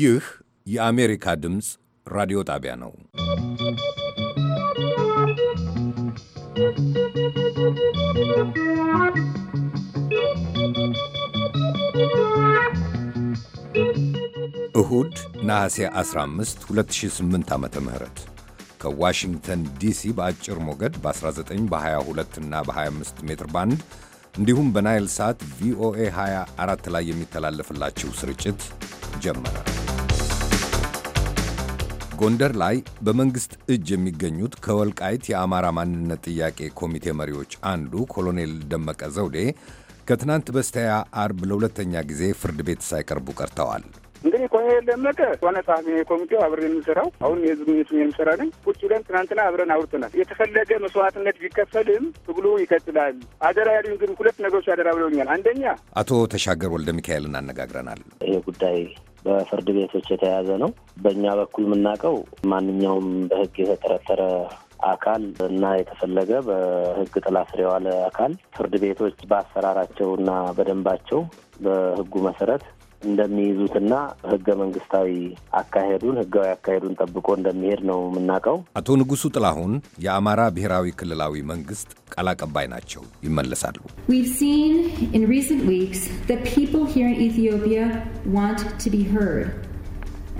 ይህ የአሜሪካ ድምፅ ራዲዮ ጣቢያ ነው። እሁድ ነሐሴ 15 2008 ዓ ም ከዋሽንግተን ዲሲ በአጭር ሞገድ በ19 በ22 እና በ25 ሜትር ባንድ እንዲሁም በናይል ሳት ቪኦኤ 24 ላይ የሚተላለፍላችሁ ስርጭት ጀመረ። ጎንደር ላይ በመንግሥት እጅ የሚገኙት ከወልቃይት የአማራ ማንነት ጥያቄ ኮሚቴ መሪዎች አንዱ ኮሎኔል ደመቀ ዘውዴ ከትናንት በስተያ አርብ ለሁለተኛ ጊዜ ፍርድ ቤት ሳይቀርቡ ቀርተዋል። እንግዲህ ኮሎኔል ደመቀ ዋና ጸሐፊ ኮሚቴው አብረን የምንሰራው አሁን የህዝብ የምሰራ ነኝ። ቁጭ ብለን ትናንትና አብረን አውርተናል። የተፈለገ መስዋዕትነት ቢከፈልም ትግሉ ይቀጥላል። አደራ ያሉኝ ግን ሁለት ነገሮች አደራ ብለውኛል። አንደኛ አቶ ተሻገር ወልደ ሚካኤልን አነጋግረናል። ይህ ጉዳይ በፍርድ ቤቶች የተያዘ ነው። በእኛ በኩል የምናውቀው ማንኛውም በህግ የተጠረጠረ አካል እና የተፈለገ በህግ ጥላ ስር የዋለ አካል ፍርድ ቤቶች በአሰራራቸው እና በደንባቸው በህጉ መሰረት እንደሚይዙትና ህገ መንግስታዊ አካሄዱን ህጋዊ አካሄዱን ጠብቆ እንደሚሄድ ነው የምናውቀው። አቶ ንጉሱ ጥላሁን የአማራ ብሔራዊ ክልላዊ መንግስት ቃል አቀባይ ናቸው። ይመለሳሉ።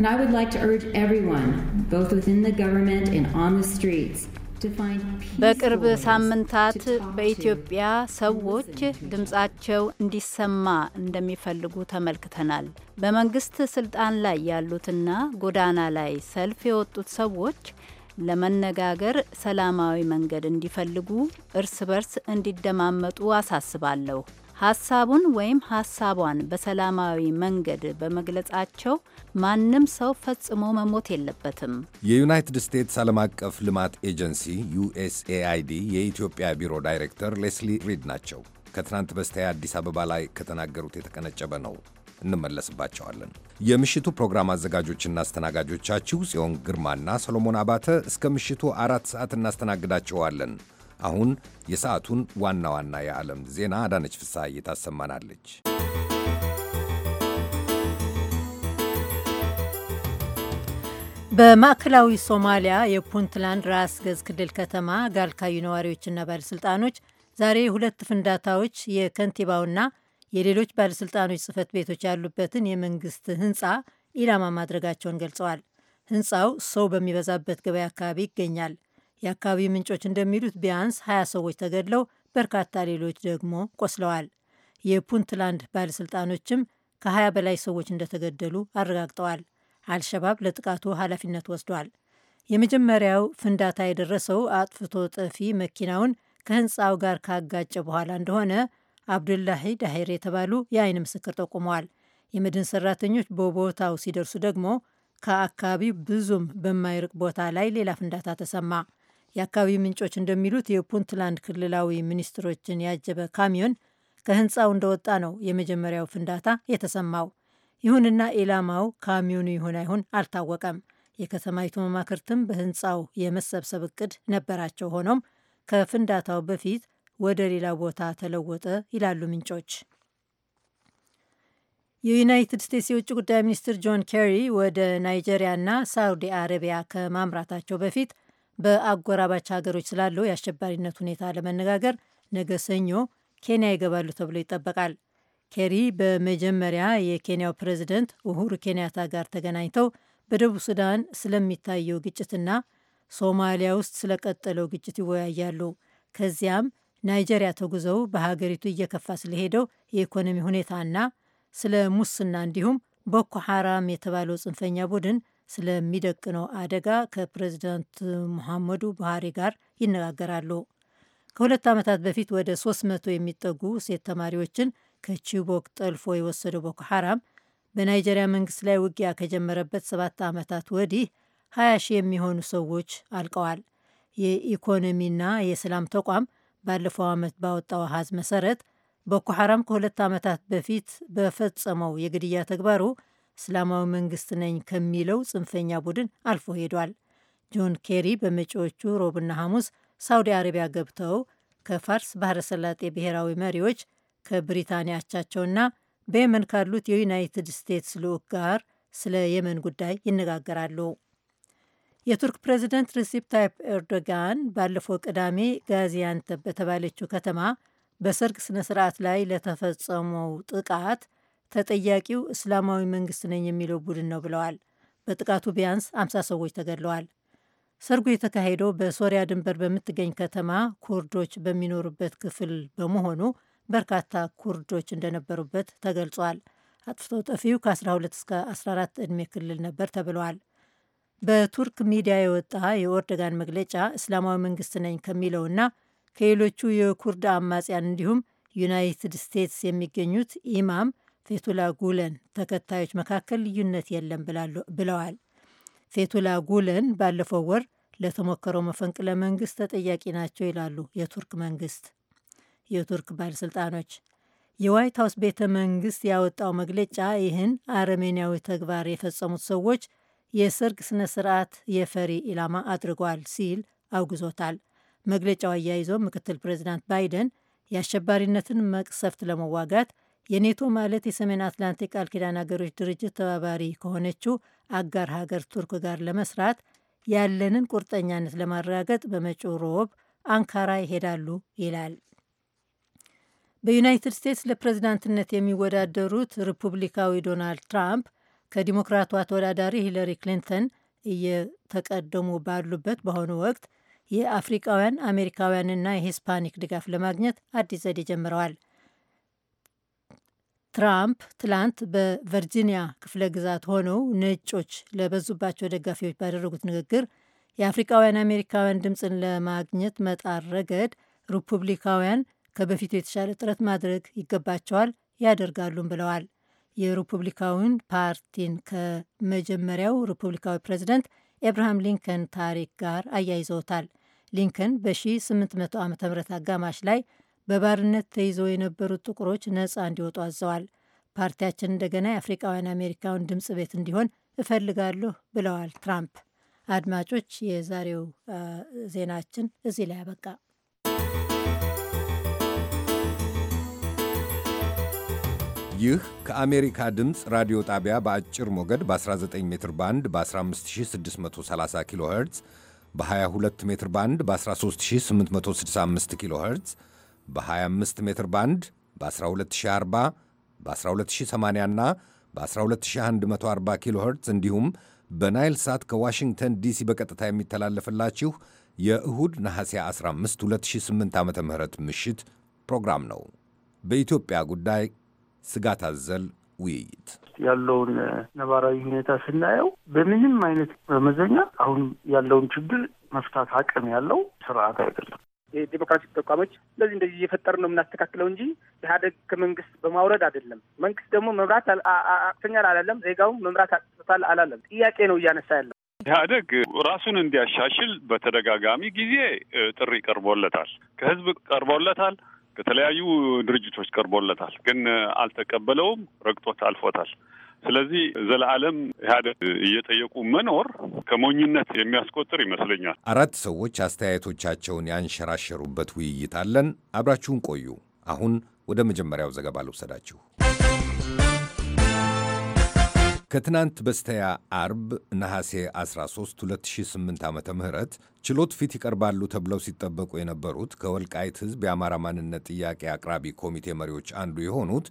And I would like to urge everyone, both within the government and on the streets, በቅርብ ሳምንታት በኢትዮጵያ ሰዎች ድምጻቸው እንዲሰማ እንደሚፈልጉ ተመልክተናል። በመንግስት ስልጣን ላይ ያሉትና ጎዳና ላይ ሰልፍ የወጡት ሰዎች ለመነጋገር ሰላማዊ መንገድ እንዲፈልጉ፣ እርስ በርስ እንዲደማመጡ አሳስባለሁ። ሀሳቡን ወይም ሀሳቧን በሰላማዊ መንገድ በመግለጻቸው ማንም ሰው ፈጽሞ መሞት የለበትም። የዩናይትድ ስቴትስ ዓለም አቀፍ ልማት ኤጀንሲ ዩኤስኤአይዲ የኢትዮጵያ ቢሮ ዳይሬክተር ሌስሊ ሪድ ናቸው። ከትናንት በስቲያ አዲስ አበባ ላይ ከተናገሩት የተቀነጨበ ነው። እንመለስባቸዋለን። የምሽቱ ፕሮግራም አዘጋጆችና አስተናጋጆቻችሁ ጽዮን ግርማና ሰሎሞን አባተ እስከ ምሽቱ አራት ሰዓት እናስተናግዳቸዋለን። አሁን የሰዓቱን ዋና ዋና የዓለም ዜና አዳነች ፍስሐዬ ታሰማናለች። በማዕከላዊ ሶማሊያ የፑንትላንድ ራስ ገዝ ክልል ከተማ ጋልካዩ ነዋሪዎችና ባለሥልጣኖች ዛሬ ሁለት ፍንዳታዎች የከንቲባውና የሌሎች ባለሥልጣኖች ጽህፈት ቤቶች ያሉበትን የመንግስት ህንፃ ኢላማ ማድረጋቸውን ገልጸዋል። ህንፃው ሰው በሚበዛበት ገበያ አካባቢ ይገኛል። የአካባቢው ምንጮች እንደሚሉት ቢያንስ 20 ሰዎች ተገድለው በርካታ ሌሎች ደግሞ ቆስለዋል። የፑንትላንድ ባለሥልጣኖችም ከ20 በላይ ሰዎች እንደተገደሉ አረጋግጠዋል። አልሸባብ ለጥቃቱ ኃላፊነት ወስዷል። የመጀመሪያው ፍንዳታ የደረሰው አጥፍቶ ጠፊ መኪናውን ከህንፃው ጋር ካጋጨ በኋላ እንደሆነ አብዱላሂ ዳሄር የተባሉ የአይን ምስክር ጠቁመዋል። የመድን ሰራተኞች በቦታው ሲደርሱ ደግሞ ከአካባቢው ብዙም በማይርቅ ቦታ ላይ ሌላ ፍንዳታ ተሰማ። የአካባቢው ምንጮች እንደሚሉት የፑንትላንድ ክልላዊ ሚኒስትሮችን ያጀበ ካሚዮን ከህንፃው እንደወጣ ነው የመጀመሪያው ፍንዳታ የተሰማው። ይሁንና ኢላማው ካሚዮኑ ይሁን አይሁን አልታወቀም። የከተማይቱ መማክርትም በህንፃው የመሰብሰብ እቅድ ነበራቸው። ሆኖም ከፍንዳታው በፊት ወደ ሌላ ቦታ ተለወጠ ይላሉ ምንጮች። የዩናይትድ ስቴትስ የውጭ ጉዳይ ሚኒስትር ጆን ኬሪ ወደ ናይጄሪያና ሳውዲ አረቢያ ከማምራታቸው በፊት በአጎራባች ሀገሮች ስላለው የአሸባሪነት ሁኔታ ለመነጋገር ነገ ሰኞ ኬንያ ይገባሉ ተብሎ ይጠበቃል። ኬሪ በመጀመሪያ የኬንያው ፕሬዚደንት ኡሁሩ ኬንያታ ጋር ተገናኝተው በደቡብ ሱዳን ስለሚታየው ግጭትና ሶማሊያ ውስጥ ስለቀጠለው ግጭት ይወያያሉ። ከዚያም ናይጀሪያ ተጉዘው በሀገሪቱ እየከፋ ስለሄደው የኢኮኖሚ ሁኔታና ስለ ሙስና እንዲሁም ቦኮ ሐራም የተባለው ጽንፈኛ ቡድን ስለሚደቅነው አደጋ ከፕሬዚዳንት ሙሐመዱ ቡሃሪ ጋር ይነጋገራሉ። ከሁለት ዓመታት በፊት ወደ 300 የሚጠጉ ሴት ተማሪዎችን ከቺቦክ ጠልፎ የወሰደው ቦኮ ሐራም በናይጀሪያ መንግስት ላይ ውጊያ ከጀመረበት ሰባት ዓመታት ወዲህ 20 ሺህ የሚሆኑ ሰዎች አልቀዋል። የኢኮኖሚና የሰላም ተቋም ባለፈው ዓመት ባወጣው አሃዝ መሰረት ቦኮ ሐራም ከሁለት ዓመታት በፊት በፈጸመው የግድያ ተግባሩ እስላማዊ መንግስት ነኝ ከሚለው ጽንፈኛ ቡድን አልፎ ሄዷል። ጆን ኬሪ በመጪዎቹ ሮብና ሐሙስ ሳውዲ አረቢያ ገብተው ከፋርስ ባህረ ሰላጤ ብሔራዊ መሪዎች ከብሪታንያ አቻቸውና በየመን ካሉት የዩናይትድ ስቴትስ ልዑክ ጋር ስለ የመን ጉዳይ ይነጋገራሉ። የቱርክ ፕሬዚደንት ሪሲፕ ታይፕ ኤርዶጋን ባለፈው ቅዳሜ ጋዚያንተ በተባለችው ከተማ በሰርግ ስነ ስርዓት ላይ ለተፈጸመው ጥቃት ተጠያቂው እስላማዊ መንግስት ነኝ የሚለው ቡድን ነው ብለዋል። በጥቃቱ ቢያንስ 50 ሰዎች ተገድለዋል። ሰርጉ የተካሄደው በሶሪያ ድንበር በምትገኝ ከተማ ኩርዶች በሚኖሩበት ክፍል በመሆኑ በርካታ ኩርዶች እንደነበሩበት ተገልጿል። አጥፍቶ ጠፊው ከ12 እስከ 14 ዕድሜ ክልል ነበር ተብለዋል። በቱርክ ሚዲያ የወጣ የኦርዶጋን መግለጫ እስላማዊ መንግስት ነኝ ከሚለውና ከሌሎቹ የኩርድ አማጽያን እንዲሁም ዩናይትድ ስቴትስ የሚገኙት ኢማም ፌቱላ ጉለን ተከታዮች መካከል ልዩነት የለም ብለዋል። ፌቱላ ጉለን ባለፈው ወር ለተሞከረው መፈንቅለ መንግስት ተጠያቂ ናቸው ይላሉ የቱርክ መንግስት የቱርክ ባለሥልጣኖች። የዋይት ሀውስ ቤተ መንግስት ያወጣው መግለጫ ይህን አረሜንያዊ ተግባር የፈጸሙት ሰዎች የሰርግ ስነ ስርዓት የፈሪ ኢላማ አድርጓል ሲል አውግዞታል። መግለጫው አያይዞ ምክትል ፕሬዚዳንት ባይደን የአሸባሪነትን መቅሰፍት ለመዋጋት የኔቶ ማለት የሰሜን አትላንቲክ ቃል ኪዳን ሀገሮች ድርጅት ተባባሪ ከሆነችው አጋር ሀገር ቱርክ ጋር ለመስራት ያለንን ቁርጠኛነት ለማረጋገጥ በመጪው ሮብ አንካራ ይሄዳሉ ይላል። በዩናይትድ ስቴትስ ለፕሬዝዳንትነት የሚወዳደሩት ሪፑብሊካዊ ዶናልድ ትራምፕ ከዲሞክራቷ ተወዳዳሪ ሂለሪ ክሊንተን እየተቀደሙ ባሉበት በአሁኑ ወቅት የአፍሪቃውያን አሜሪካውያንና የሂስፓኒክ ድጋፍ ለማግኘት አዲስ ዘዴ ጀምረዋል። ትራምፕ ትላንት በቨርጂኒያ ክፍለ ግዛት ሆነው ነጮች ለበዙባቸው ደጋፊዎች ባደረጉት ንግግር የአፍሪካውያን አሜሪካውያን ድምፅን ለማግኘት መጣር ረገድ ሪፑብሊካውያን ከበፊቱ የተሻለ ጥረት ማድረግ ይገባቸዋል ያደርጋሉም ብለዋል። የሪፑብሊካውን ፓርቲን ከመጀመሪያው ሪፑብሊካዊ ፕሬዚደንት ኤብርሃም ሊንከን ታሪክ ጋር አያይዘውታል። ሊንከን በ1800 ዓ ም አጋማሽ ላይ በባርነት ተይዘው የነበሩት ጥቁሮች ነፃ እንዲወጡ አዘዋል። ፓርቲያችን እንደገና የአፍሪካውያን አሜሪካውን ድምፅ ቤት እንዲሆን እፈልጋለሁ ብለዋል ትራምፕ። አድማጮች፣ የዛሬው ዜናችን እዚህ ላይ አበቃ። ይህ ከአሜሪካ ድምፅ ራዲዮ ጣቢያ በአጭር ሞገድ በ19 ሜትር ባንድ በ15630 ኪሎ ኸርትዝ በ22 ሜትር ባንድ በ13865 ኪሎ ኸርትዝ በ25 ሜትር ባንድ በ 1240 በ 1280 እና በ12140 ኪሎ ኸርትዝ እንዲሁም በናይል ሳት ከዋሽንግተን ዲሲ በቀጥታ የሚተላለፍላችሁ የእሁድ ነሐሴ 15 2008 ዓ ም ምሽት ፕሮግራም ነው። በኢትዮጵያ ጉዳይ ስጋት አዘል ውይይት ያለውን ነባራዊ ሁኔታ ስናየው በምንም አይነት በመዘኛ አሁን ያለውን ችግር መፍታት አቅም ያለው ስርዓት አይደለም። የዲሞክራቲክ ተቋሞች እንደዚህ እንደዚህ እየፈጠርን ነው የምናስተካክለው እንጂ ኢህአዴግ ከመንግስት በማውረድ አይደለም። መንግስት ደግሞ መምራት አቅተኛል አላለም። ዜጋው መምራት አቅቶታል አላለም። ጥያቄ ነው እያነሳ ያለው። ኢህአደግ ራሱን እንዲያሻሽል በተደጋጋሚ ጊዜ ጥሪ ቀርቦለታል፣ ከህዝብ ቀርቦለታል፣ ከተለያዩ ድርጅቶች ቀርቦለታል። ግን አልተቀበለውም፣ ረግጦት አልፎታል። ስለዚህ ዘለዓለም ኢህአዴግ እየጠየቁ መኖር ከሞኝነት የሚያስቆጥር ይመስለኛል። አራት ሰዎች አስተያየቶቻቸውን ያንሸራሸሩበት ውይይት አለን። አብራችሁን ቆዩ። አሁን ወደ መጀመሪያው ዘገባ ልውሰዳችሁ። ከትናንት በስተያ አርብ ነሐሴ 13 2008 ዓ ም ችሎት ፊት ይቀርባሉ ተብለው ሲጠበቁ የነበሩት ከወልቃይት ሕዝብ የአማራ ማንነት ጥያቄ አቅራቢ ኮሚቴ መሪዎች አንዱ የሆኑት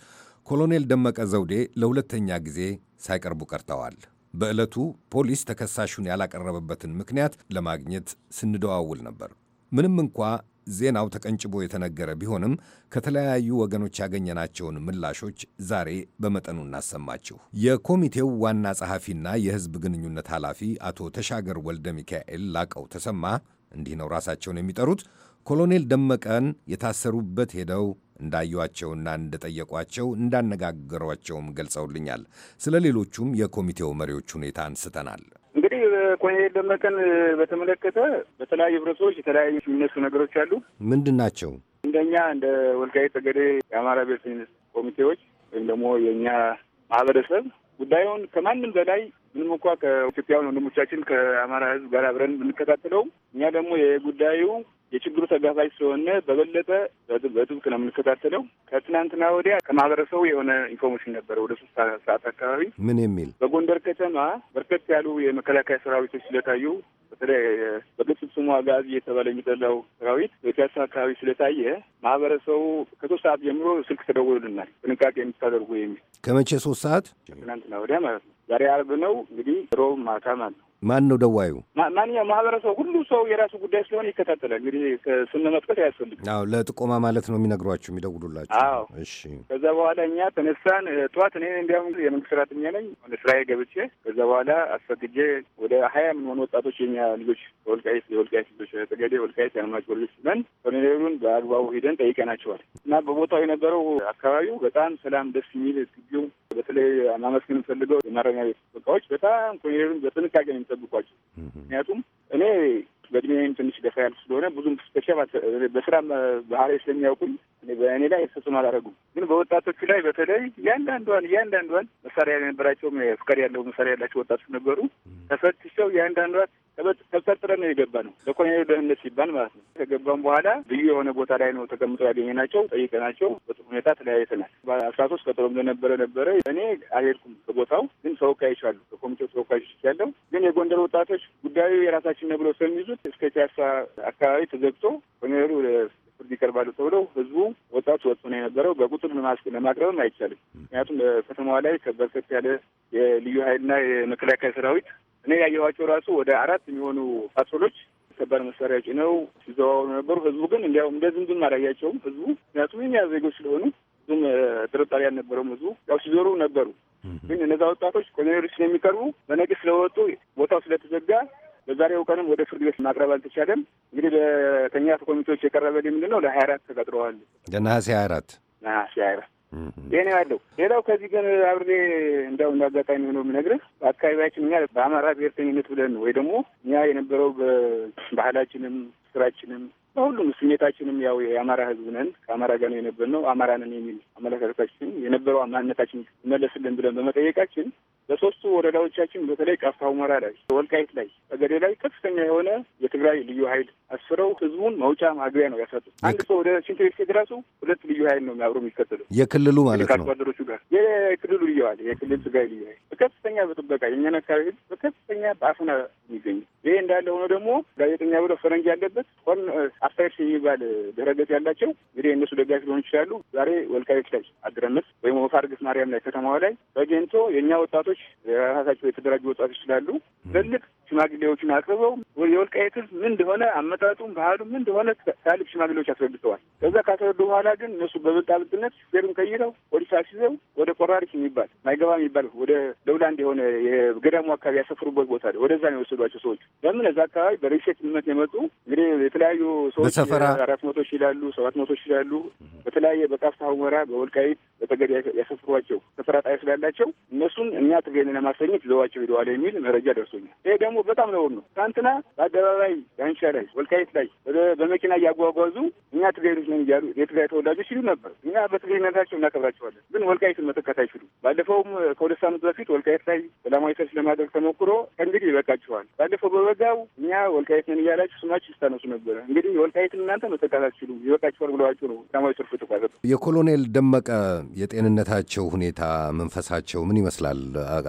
ኮሎኔል ደመቀ ዘውዴ ለሁለተኛ ጊዜ ሳይቀርቡ ቀርተዋል። በዕለቱ ፖሊስ ተከሳሹን ያላቀረበበትን ምክንያት ለማግኘት ስንደዋውል ነበር። ምንም እንኳ ዜናው ተቀንጭቦ የተነገረ ቢሆንም ከተለያዩ ወገኖች ያገኘናቸውን ምላሾች ዛሬ በመጠኑ እናሰማችሁ። የኮሚቴው ዋና ጸሐፊና የሕዝብ ግንኙነት ኃላፊ አቶ ተሻገር ወልደ ሚካኤል ላቀው ተሰማ እንዲህ ነው ራሳቸውን የሚጠሩት ኮሎኔል ደመቀን የታሰሩበት ሄደው እንዳዩአቸውና እንደጠየቋቸው እንዳነጋገሯቸውም ገልጸውልኛል። ስለ ሌሎቹም የኮሚቴው መሪዎች ሁኔታ አንስተናል። እንግዲህ ኮሎኔል ደመቀን በተመለከተ በተለያዩ ህብረቶች የተለያዩ የሚነሱ ነገሮች አሉ። ምንድን ናቸው? እንደኛ እንደ ወልቃይት ጠገዴ የአማራ ብሔር ኮሚቴዎች ወይም ደግሞ የእኛ ማህበረሰብ ጉዳዩን ከማንም በላይ ምንም እንኳ ከኢትዮጵያውያን ወንድሞቻችን ከአማራ ህዝብ ጋር አብረን ብንከታተለውም እኛ ደግሞ የጉዳዩ የችግሩ ተጋፋጅ ስለሆነ በበለጠ በጥብቅ ነው የምንከታተለው። ከትናንትና ወዲያ ከማህበረሰቡ የሆነ ኢንፎርሜሽን ነበረ ወደ ሶስት ሰዓት አካባቢ ምን የሚል በጎንደር ከተማ በርከት ያሉ የመከላከያ ሰራዊቶች ስለታዩ በተለይ በቅጽል ስሙ አጋዚ እየተባለ የሚጠላው ሰራዊት በፒያሳ አካባቢ ስለታየ ማህበረሰቡ ከሶስት ሰዓት ጀምሮ ስልክ ተደውሎልናል፣ ጥንቃቄ የምታደርጉ የሚል ከመቼ ሶስት ሰዓት ትናንትና ወዲያ ማለት ነው። ዛሬ አርብ ነው እንግዲህ ሮብ ማታ ማለት ነው። ማን ነው ደዋዩ? ማንኛው ማህበረሰብ ሁሉ ሰው የራሱ ጉዳይ ስለሆነ ይከታተላል። እንግዲህ ስም መጥቀስ አያስፈልግም። አዎ፣ ለጥቆማ ማለት ነው የሚነግሯቸው የሚደውሉላቸው። አዎ፣ እሺ። ከዛ በኋላ እኛ ተነሳን ጠዋት። እኔ እንዲያውም የመንግስት ሰራተኛ ነኝ። ወደ ስራዬ ገብቼ ከዛ በኋላ አስፈግጄ ወደ ሀያ የምንሆኑ ወጣቶች የኛ ልጆች ወልቃይት የወልቃይት ልጆች ተገዴ ወልቃይት ያኗቸው ልጆች ነን። ኮሎኔሉን በአግባቡ ሂደን ጠይቀናቸዋል እና በቦታው የነበረው አካባቢው በጣም ሰላም ደስ የሚል ግቢው በተለይ ማመስገን ፈልገው የማረሚያ ቤት ጥበቃዎች በጣም ኮሎኔሉን በጥንቃቄ የሚጠብቋቸው። ምክንያቱም እኔ በእድሜም ትንሽ ገፋ ያልኩ ስለሆነ ብዙም ስፔሻል በስራ ባህሪ ስለሚያውቁኝ በእኔ ላይ ተጽዕኖ አላደረጉም። ግን በወጣቶቹ ላይ በተለይ እያንዳንዷን እያንዳንዷን መሳሪያ የነበራቸው ፍቃድ ያለው መሳሪያ ያላቸው ወጣቶች ነበሩ። ተፈትሸው እያንዳንዷን ተብጠርጥረን ነው የገባ ነው ለኮሎኔሉ ደህንነት ሲባል ማለት ነው። ከገባም በኋላ ልዩ የሆነ ቦታ ላይ ነው ተቀምጠው ያገኘናቸው። ጠይቀናቸው በጥሩ ሁኔታ ተለያይተናል። በአስራ ሶስት ቀጠሮ እንደነበረ ነበረ። እኔ አልሄድኩም ከቦታው ግን ተወካዮች አሉ፣ ከኮሚቴው ተወካዮች ያለው ግን የጎንደር ወጣቶች ጉዳዩ የራሳችን ነው ብለው ስለሚይዙ እስከ ፒያሳ አካባቢ ተዘግቶ ኮኔሩ ፍርድ ይቀርባሉ ተብለው ህዝቡ ወጣቱ ወጥቶ ነው የነበረው። በቁጥር ለማቅረብም አይቻልም። ምክንያቱም በከተማዋ ላይ ከበርከት ያለ የልዩ ኃይልና የመከላከያ ሰራዊት እኔ ያየኋቸው ራሱ ወደ አራት የሚሆኑ ፓትሮሎች ከባድ መሳሪያ ጭነው ሲዘዋወሩ ነበሩ። ህዝቡ ግን እንዲያውም እንደ ዝንብም አላያቸውም። ህዝቡ ምክንያቱም የኛ ዜጎች ስለሆኑ ብዙም ጥርጣሬ አልነበረውም። ህዝቡ ያው ሲዞሩ ነበሩ። ግን እነዛ ወጣቶች ኮሚኒሪስ ስለሚቀርቡ በነቂስ ስለወጡ ቦታው ስለተዘጋ በዛሬው ቀንም ወደ ፍርድ ቤት ማቅረብ አልተቻለም። እንግዲህ ለተኛት ኮሚቴዎች የቀረበ ምንድን ነው ለሀያ አራት ተቀጥረዋል። ለነሐሴ ሀያ አራት ነሐሴ ሀያ አራት ይህኔ ያለው። ሌላው ከዚህ ግን አብሬ እንዳው እንደ አጋጣሚ ሆኖ የምነግርህ በአካባቢያችን እኛ በአማራ ብሔርተኝነት ብለን ወይ ደግሞ እኛ የነበረው በባህላችንም ስራችንም በሁሉም ስሜታችንም ያው የአማራ ህዝብ ነን ከአማራ ጋር ነው የነበርነው አማራ ነን የሚል አመለካከታችን የነበረው ማንነታችን መለስልን ብለን በመጠየቃችን በሶስቱ ወረዳዎቻችን በተለይ ቃፍታ ሁመራ ላይ፣ ወልቃይት ላይ፣ ጠገዴ ላይ ከፍተኛ የሆነ የትግራይ ልዩ ኃይል አስፍረው ህዝቡን መውጫ ማግቢያ ነው ያሰጡ። አንድ ሰው ወደ ሽንት ቤት ሲደርሱ ሁለት ልዩ ኃይል ነው አብሮ የሚከተሉ የክልሉ ማለት ነው አደሮቹ ጋር የክልሉ ልዩ ኃይል የክልል ትግራይ ልዩ ኃይል በከፍተኛ በጥበቃ የኛን አካባቢ ህዝብ በከፍተኛ በአፍና የሚገኝ ይሄ እንዳለ ሆኖ ደግሞ ጋዜጠኛ ብሎ ፈረንጅ ያለበት አስተያየት የሚባል ድረገጽ ያላቸው እንግዲህ እነሱ ደጋፊ ሊሆኑ ይችላሉ። ዛሬ ወልቃዮች ላይ አድረምስ ወይም ወፋርግስ ማርያም ላይ ከተማዋ ላይ በጌንቶ የእኛ ወጣቶች የራሳቸው የተደራጁ ወጣቶች ይችላሉ ትልቅ ሽማግሌዎቹን አቅርበው የወልቃይት ሕዝብ ምን እንደሆነ አመጣጡም ባህሉ ምን እንደሆነ ታሊብ ሽማግሌዎች አስረድተዋል። ከዛ ካስረዱ በኋላ ግን እነሱ በብልጣብልጥነት ፌሩን ቀይረው ወዲሳ ሲዘው ወደ ቆራሪስ የሚባል ማይገባ የሚባል ወደ ደውላንድ የሆነ የገዳሙ አካባቢ ያሰፍሩበት ቦታ አለ። ወደዛ ነው የወሰዷቸው ሰዎች። ለምን እዛ አካባቢ ምመት የመጡ እንግዲህ የተለያዩ ሰዎች አራት መቶ ሺህ ይላሉ፣ ሰባት መቶ ሺህ ይላሉ። በተለያየ በቃፍታ ሁመራ፣ በወልቃይት በተገድ ያሰፍሯቸው ተፈራ ጣይ ስላላቸው እነሱን እኛ ትገኝ ለማሰኘት ይዘዋቸው ሄደዋል የሚል መረጃ ደርሶኛል። ይሄ ደግሞ ደግሞ በጣም ነውር ነው። ትናንትና በአደባባይ ዳንሻ ላይ፣ ወልቃይት ላይ በመኪና እያጓጓዙ እኛ ትግራይኖች ነን እያሉ የትግራይ ተወላጆች ሲሉ ነበር። እኛ በትግራይነታቸው እናከብራቸዋለን፣ ግን ወልቃይትን መተካት አይችሉም። ባለፈውም ከሁለት ሳምንት በፊት ወልቃይት ላይ ሰላማዊ ሰልፍ ለማድረግ ተሞክሮ ከእንግዲህ ይበቃችኋል፣ ባለፈው በበጋው እኛ ወልቃይት ነን እያላችሁ ስማችሁ ስታነሱ ነበረ። እንግዲህ ወልቃይትን እናንተ መተካት አትችሉም፣ ይበቃችኋል ብለዋችሁ ነው ሰላማዊ ሰልፍ ተቋረጠ። የኮሎኔል ደመቀ የጤንነታቸው ሁኔታ መንፈሳቸው ምን ይመስላል?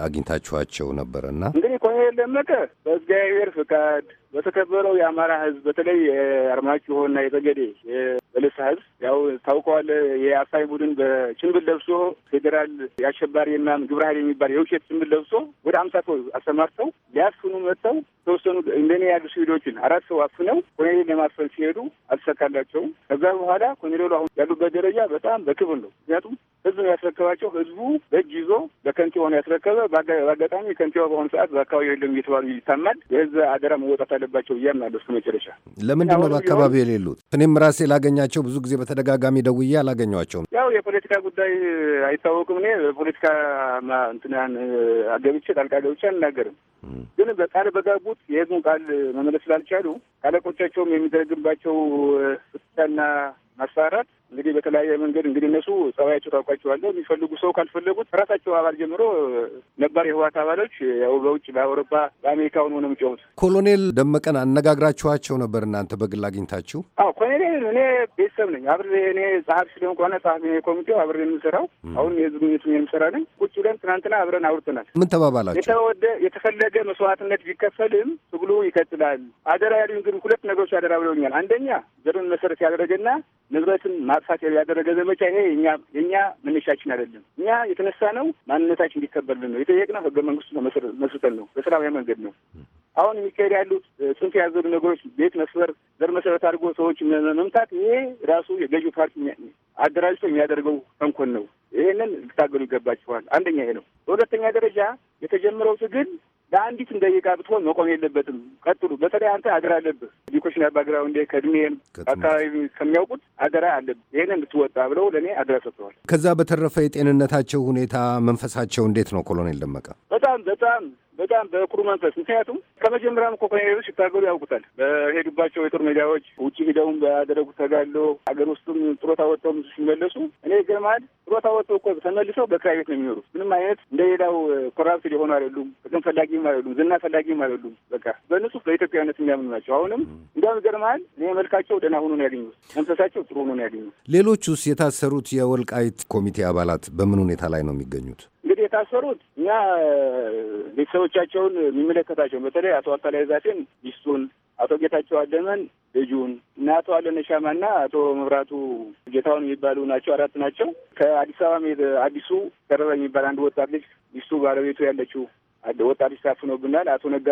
አግኝታችኋቸው ነበረ እና እንግዲህ ኮሎኔል ደመቀ በእግዚአብሔር ፍቃድ በተከበረው የአማራ ህዝብ በተለይ የአርማጭሆና የጠገዴ የበለሳ ህዝብ ያው ታውቀዋል። የአፋኝ ቡድን በጭንብል ለብሶ ፌዴራል የአሸባሪ ምናምን ግብረ ኃይል የሚባል የውሸት ጭንብል ለብሶ ወደ አምሳ ሰው አሰማርተው ሊያፍኑ መጥተው ተወሰኑ እንደኔ ያሉ ሲቪሎችን አራት ሰው አፍነው ኮኔሌ ለማፈን ሲሄዱ አልተሳካላቸውም። ከዛ በኋላ ኮኔሌሉ አሁን ያሉበት ደረጃ በጣም በክብር ነው። ምክንያቱም ህዝብ ነው ያስረከባቸው። ህዝቡ በእጅ ይዞ በከንቲባ ነው ያስረከበ። በአጋጣሚ ከንቲባ በአሁኑ ሰዓት በአካባቢ የለም እየተባሉ ይታማል። የህዝብ አደራ መወጣት ያለባቸው ብዬ አምናለሁ። እስከ መጨረሻ ለምንድን ነው በአካባቢ የሌሉት? እኔም ራሴ ላገኛቸው ብዙ ጊዜ በተደጋጋሚ ደውዬ አላገኟቸውም። ያው የፖለቲካ ጉዳይ አይታወቅም። እኔ በፖለቲካ እንትናን አገብቼ ጣልቃ ገብቼ አልናገርም። ግን በቃል በጋቡት የህዝቡን ቃል መመለስ ስላልቻሉ አለቆቻቸውም የሚደረግባቸው ፍተሻና ማስፈራራት እንግዲህ በተለያየ መንገድ እንግዲህ እነሱ ጸባያቸው ታውቋቸዋለ። የሚፈልጉ ሰው ካልፈለጉት ራሳቸው አባል ጀምሮ ነባር የህወሓት አባሎች ያው በውጭ በአውሮፓ በአሜሪካ ሆኖ ነው የሚጫወቱ። ኮሎኔል ደመቀን አነጋግራችኋቸው ነበር እናንተ በግል አግኝታችሁ? አዎ ኮሎኔል እኔ ቤተሰብ ነኝ አብሬ እኔ ጸሐፊ ስለሆንኩ ከሆነ ጸሐፊ ኮሚቴው አብሬ የምሰራው አሁን የህዝብ የምሰራ ነኝ። ቁጭ ብለን ትናንትና አብረን አውርተናል። ምን ተባባላችሁ? የተወደ የተፈለገ መስዋዕትነት ቢከፈልም ትግሉ ይቀጥላል። አደራ ያሉኝ ግን ሁለት ነገሮች አደራ ብለውኛል። አንደኛ ዘርን መሰረት ያደረገና ንብረትን ማ ማጥፋት ያደረገ ዘመቻ ይሄ የኛ የኛ መነሻችን አይደለም። እኛ የተነሳ ነው ማንነታችን እንዲከበርልን ነው የጠየቅነው። ህገ መንግስቱ መስርተን ነው በሰላማዊ መንገድ ነው። አሁን የሚካሄድ ያሉት ጽንፍ ያዘሉ ነገሮች ቤት መስበር፣ ዘር መሰረት አድርጎ ሰዎች መምታት፣ ይሄ ራሱ የገዢው ፓርቲ አደራጅቶ የሚያደርገው ተንኮል ነው። ይህንን ልታገሉ ይገባችኋል። አንደኛ ይሄ ነው። በሁለተኛ ደረጃ የተጀመረው ትግል ለአንዲት ደቂቃ ብትሆን መቆም የለበትም። ቀጥሉ። በተለይ አንተ አደራ አለብህ። ዲኮሽን በግራው ከእድሜም አካባቢ ከሚያውቁት አደራ አለብህ፣ ይህን እንድትወጣ ብለው ለእኔ አደራ ሰጥተዋል። ከዛ በተረፈ የጤንነታቸው ሁኔታ መንፈሳቸው እንዴት ነው ኮሎኔል ደመቀ? በጣም በጣም በጣም በኩሩ መንፈስ። ምክንያቱም ከመጀመሪያም እኮ ኮሎኔሎች ሲታገሉ ያውቁታል። በሄዱባቸው የጦር ሜዳዎች ውጭ ሂደውም ባደረጉት ተጋድሎ ሀገር ውስጥም ጥሮታ ወጥተው ሲመለሱ እኔ ይገርምሃል፣ ጥሮታ ወጥተው እኮ ተመልሰው በኪራይ ቤት ነው የሚኖሩት። ምንም አይነት እንደሌላው ኮራፕት ሊሆኑ አይደሉም። ጥቅም ፈላጊ ፈላጊም አይደሉም፣ ዝና ፈላጊም አይደሉም። በቃ በንጹህ በኢትዮጵያዊነት የሚያምኑ ናቸው። አሁንም እንዲያውም ይገርምሃል፣ ይሄ መልካቸው ደህና ሆኖ ነው ያገኙት፣ መንፈሳቸው ጥሩ ሆኖ ነው ያገኙት። ሌሎቹስ የታሰሩት የወልቃይት ኮሚቴ አባላት በምን ሁኔታ ላይ ነው የሚገኙት? እንግዲህ የታሰሩት እኛ ቤተሰቦቻቸውን የሚመለከታቸውን በተለይ አቶ አታላይ ዛቴን ሚስቱን አቶ ጌታቸው አደመን ልጁን እና አቶ አለነ ሻማና አቶ መብራቱ ጌታውን የሚባሉ ናቸው። አራት ናቸው። ከአዲስ አበባ አዲሱ ቀረበ የሚባል አንድ ወጣት ልጅ ሚስቱ ባለቤቱ ያለችው ወጣቶች ታፍኖብናል። አቶ ነጋ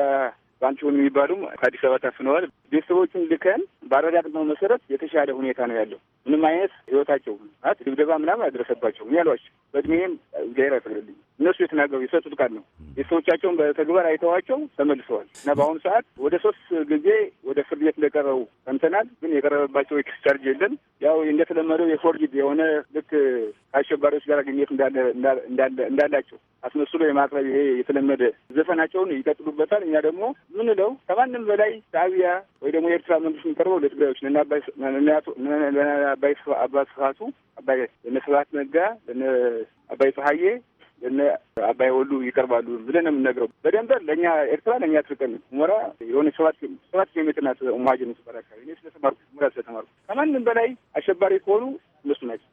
ባንቺሆን የሚባሉም ከአዲስ አበባ ታፍነዋል። ቤተሰቦቹን ልከን ባረጋገጥነው መሰረት የተሻለ ሁኔታ ነው ያለው። ምንም አይነት ህይወታቸው ማለት ድብደባ ምናምን አደረሰባቸው ያሏቸው በእድሜም እግዚአብሔር ያፈቅድልኝ እነሱ የተናገሩ የሰጡት ቃል ነው። ቤተሰቦቻቸውን በተግባር አይተዋቸው ተመልሰዋል እና በአሁኑ ሰዓት ወደ ሶስት ጊዜ ወደ ፍርድ ቤት እንደቀረቡ ሰምተናል። ግን የቀረበባቸው ኤክስቻርጅ የለም። ያው እንደተለመደው የፎርጅድ የሆነ ልክ ከአሸባሪዎች ጋር ግንኙነት እንዳላቸው አስመስሎ የማቅረብ ይሄ የተለመደ ዘፈናቸውን ይቀጥሉበታል። እኛ ደግሞ ምንለው ከማንም በላይ ሻዕቢያ ወይ ደግሞ የኤርትራ መንግስት የሚቀርበው ለትግራዮች ለአባይ ስፋቱ አባይ ለነ ነጋ አባይ ፀሐዬ ለነ አባይ ወሉ ይቀርባሉ ብለን ነው የምንነግረው። በደንበር ለእኛ ኤርትራ ለእኛ ትርቅን ሁመራ የሆነ ሰባት ኪሎ ሜትር ናት። ሞሀጀ ምትባል አካባቢ እኔ ስለተማርኩ ሁመራ ስለተማርኩ ከማንም በላይ አሸባሪ ከሆኑ እነሱ ናቸው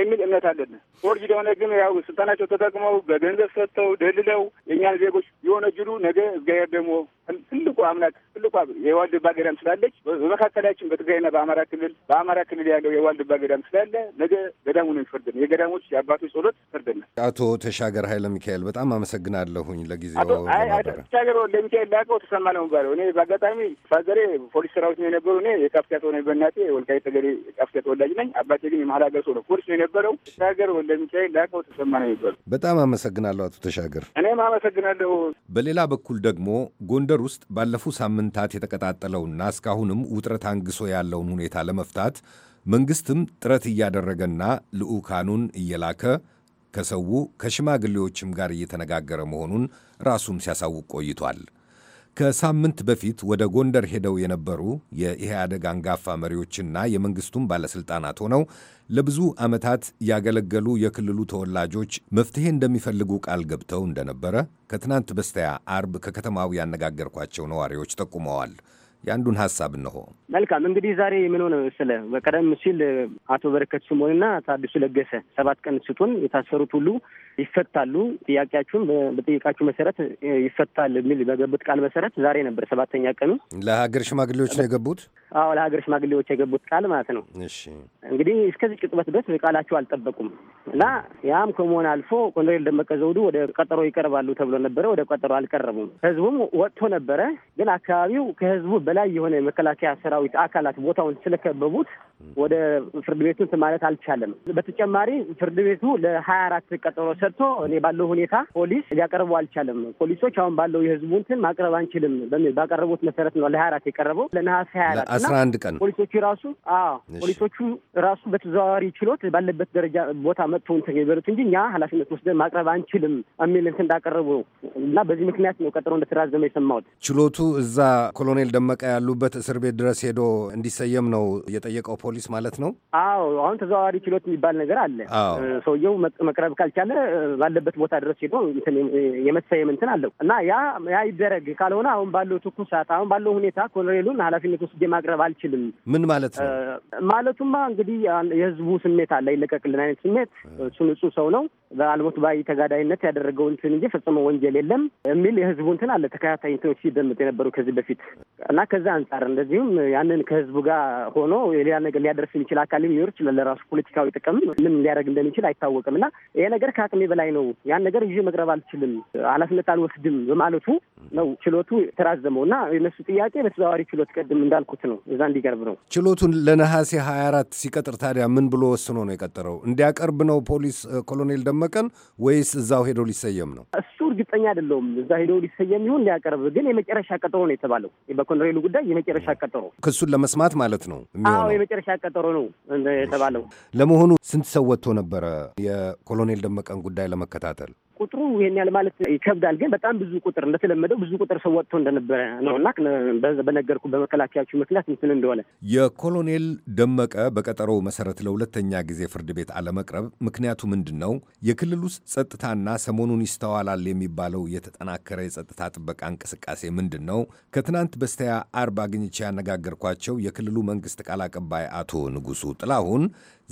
የሚል እምነት አለን። ፎርጅ ደሆነ ግን ያው ስልጣናቸው ተጠቅመው በገንዘብ ሰጥተው ደልለው የእኛን ዜጎች የሆነ ጅሉ ነገ እግዚአብሔር ደግሞ ትልቁ አምላክ ትልቁ የዋልድባ ገዳም ስላለች በመካከላችን በትግራይና በአማራ ክልል በአማራ ክልል ያለው የዋልድባ ገዳም ስላለ ነገ ገዳሙ ነው የሚፈርደን። የገዳሞች የአባቶች ጸሎት ይፈርደናል። አቶ ተሻገር ኃይለ ሚካኤል በጣም አመሰግናለሁኝ። ለጊዜው ተሻገር ለሚካኤል ላቀው ተሰማ ነው የሚባለው። እኔ በአጋጣሚ ፋዘሬ ፖሊስ ሰራዊት ነው የነበሩ። እኔ የካፍቲያ ተሆነ በእናቴ ወልቃይት ጠገዴ ቃፍቲያ ተወላጅ ነኝ። አባቴ ግን መሀል ሀገር ሰው ነው። ፖሊስ ነው የነበረው። ተሻገር ወለሚካኤል ላቀው ተሰማ ነው የሚባለው። በጣም አመሰግናለሁ አቶ ተሻገር። እኔም አመሰግናለሁ። በሌላ በኩል ደግሞ ጎንደር ውስጥ ባለፉ ሳምንታት የተቀጣጠለውና እስካሁንም ውጥረት አንግሶ ያለውን ሁኔታ ለመፍታት መንግስትም ጥረት እያደረገና ልዑካኑን እየላከ ከሰው ከሽማግሌዎችም ጋር እየተነጋገረ መሆኑን ራሱም ሲያሳውቅ ቆይቷል። ከሳምንት በፊት ወደ ጎንደር ሄደው የነበሩ የኢህአደግ አንጋፋ መሪዎችና የመንግስቱም ባለሥልጣናት ሆነው ለብዙ ዓመታት ያገለገሉ የክልሉ ተወላጆች መፍትሄ እንደሚፈልጉ ቃል ገብተው እንደነበረ ከትናንት በስቲያ አርብ ከከተማው ያነጋገርኳቸው ነዋሪዎች ጠቁመዋል። የአንዱን ሀሳብ እንሆ። መልካም እንግዲህ ዛሬ ምን ሆነ መሰለህ፣ በቀደም ሲል አቶ በረከት ስምኦንና ታዲሱ ለገሰ ሰባት ቀን ስጡን፣ የታሰሩት ሁሉ ይፈታሉ፣ ጥያቄያችሁን በጠየቃችሁ መሰረት ይፈታል የሚል በገቡት ቃል መሰረት ዛሬ ነበር ሰባተኛ ቀኑ። ለሀገር ሽማግሌዎች ነው የገቡት። አዎ ለሀገር ሽማግሌዎች የገቡት ቃል ማለት ነው። እሺ እንግዲህ እስከዚህ ቅጽበት ድረስ ቃላቸው አልጠበቁም እና ያም ከመሆን አልፎ ኮሎኔል ደመቀ ዘውዱ ወደ ቀጠሮ ይቀርባሉ ተብሎ ነበረ። ወደ ቀጠሮ አልቀረቡም። ህዝቡም ወጥቶ ነበረ። ግን አካባቢው ከህዝቡ በላይ የሆነ የመከላከያ ሰራዊት አካላት ቦታውን ስለከበቡት ወደ ፍርድ ቤቱ ማለት አልቻለም። በተጨማሪ ፍርድ ቤቱ ለሀያ አራት ቀጠሮ ሰጥቶ እኔ ባለው ሁኔታ ፖሊስ ሊያቀርቡ አልቻለም። ፖሊሶች አሁን ባለው የህዝቡንትን ማቅረብ አንችልም በሚል ባቀረቡት መሰረት ነው ለሀያ አራት የቀረበው ለነሐሴ ሀያ አራት አስራ አንድ ቀን ፖሊሶቹ ራሱ ፖሊሶቹ ራሱ በተዘዋዋሪ ችሎት ባለበት ደረጃ ቦታ መጥቶ እንትን ይበሉት እንጂ እኛ ኃላፊነት ወስደን ማቅረብ አንችልም የሚል እንትን እንዳቀረቡ ነው እና በዚህ ምክንያት ነው ቀጠሮ እንደተራዘመ የሰማሁት ችሎቱ እዛ ኮሎኔል ደመ ጠበቃ ያሉበት እስር ቤት ድረስ ሄዶ እንዲሰየም ነው የጠየቀው ፖሊስ ማለት ነው? አዎ አሁን ተዘዋዋሪ ችሎት የሚባል ነገር አለ። ሰውየው መቅረብ ካልቻለ ባለበት ቦታ ድረስ ሄዶ የመሰየም እንትን አለው እና ያ ያ ይደረግ ካልሆነ አሁን ባለው ትኩሳት፣ አሁን ባለው ሁኔታ ኮሎኔሉን ኃላፊነት ወስጄ ማቅረብ አልችልም። ምን ማለት ነው? ማለቱማ እንግዲህ የህዝቡ ስሜት አለ ይለቀቅልን አይነት ስሜት እሱ ንጹህ ሰው ነው በአልሞት ባይ ተጋዳይነት ያደረገው እንትን እንጂ ፈጽሞ ወንጀል የለም የሚል የህዝቡ እንትን አለ። ተከታታይ እንትኖች ሲደምጥ የነበሩ ከዚህ በፊት እና ከዛ አንጻር እንደዚሁም ያንን ከህዝቡ ጋር ሆኖ ሌላ ነገር ሊያደርስ የሚችል አካል ሊኖር ይችላል። ለራሱ ፖለቲካዊ ጥቅም ምን ሊያደርግ እንደሚችል አይታወቅም እና ይሄ ነገር ከአቅሜ በላይ ነው፣ ያን ነገር ይዤ መቅረብ አልችልም፣ ኃላፊነት አልወስድም በማለቱ ነው ችሎቱ የተራዘመው እና የነሱ ጥያቄ በተዘዋዋሪ ችሎት ቀድም እንዳልኩት ነው እዛ እንዲቀርብ ነው። ችሎቱን ለነሐሴ ሀያ አራት ሲቀጥር ታዲያ ምን ብሎ ወስኖ ነው የቀጠረው? እንዲያቀርብ ነው ፖሊስ ኮሎኔል ደመቀን ወይስ እዛው ሄዶ ሊሰየም ነው? እሱ እርግጠኛ አይደለውም። እዛ ሄዶ ሊሰየም ይሁን እንዲያቀርብ ግን የመጨረሻ ቀጠሮ ነው የተባለው በኮሎኔል የግሉ ጉዳይ የመጨረሻ ቀጠሮ ክሱን ለመስማት ማለት ነው። አዎ የመጨረሻ ቀጠሮ ነው የተባለው። ለመሆኑ ስንት ሰው ወጥቶ ነበረ የኮሎኔል ደመቀን ጉዳይ ለመከታተል? ቁጥሩ ይሄን ያህል ማለት ይከብዳል፣ ግን በጣም ብዙ ቁጥር እንደተለመደው ብዙ ቁጥር ሰው ወጥቶ እንደነበረ እና በነገርኩ በመከላከያችሁ ምክንያት እንትን እንደሆነ የኮሎኔል ደመቀ በቀጠሮው መሰረት ለሁለተኛ ጊዜ ፍርድ ቤት አለመቅረብ ምክንያቱ ምንድን ነው? የክልል ውስጥ ጸጥታና ሰሞኑን ይስተዋላል የሚባለው የተጠናከረ የጸጥታ ጥበቃ እንቅስቃሴ ምንድን ነው? ከትናንት በስተያ አርብ አግኝቼ ያነጋገርኳቸው የክልሉ መንግስት ቃል አቀባይ አቶ ንጉሱ ጥላሁን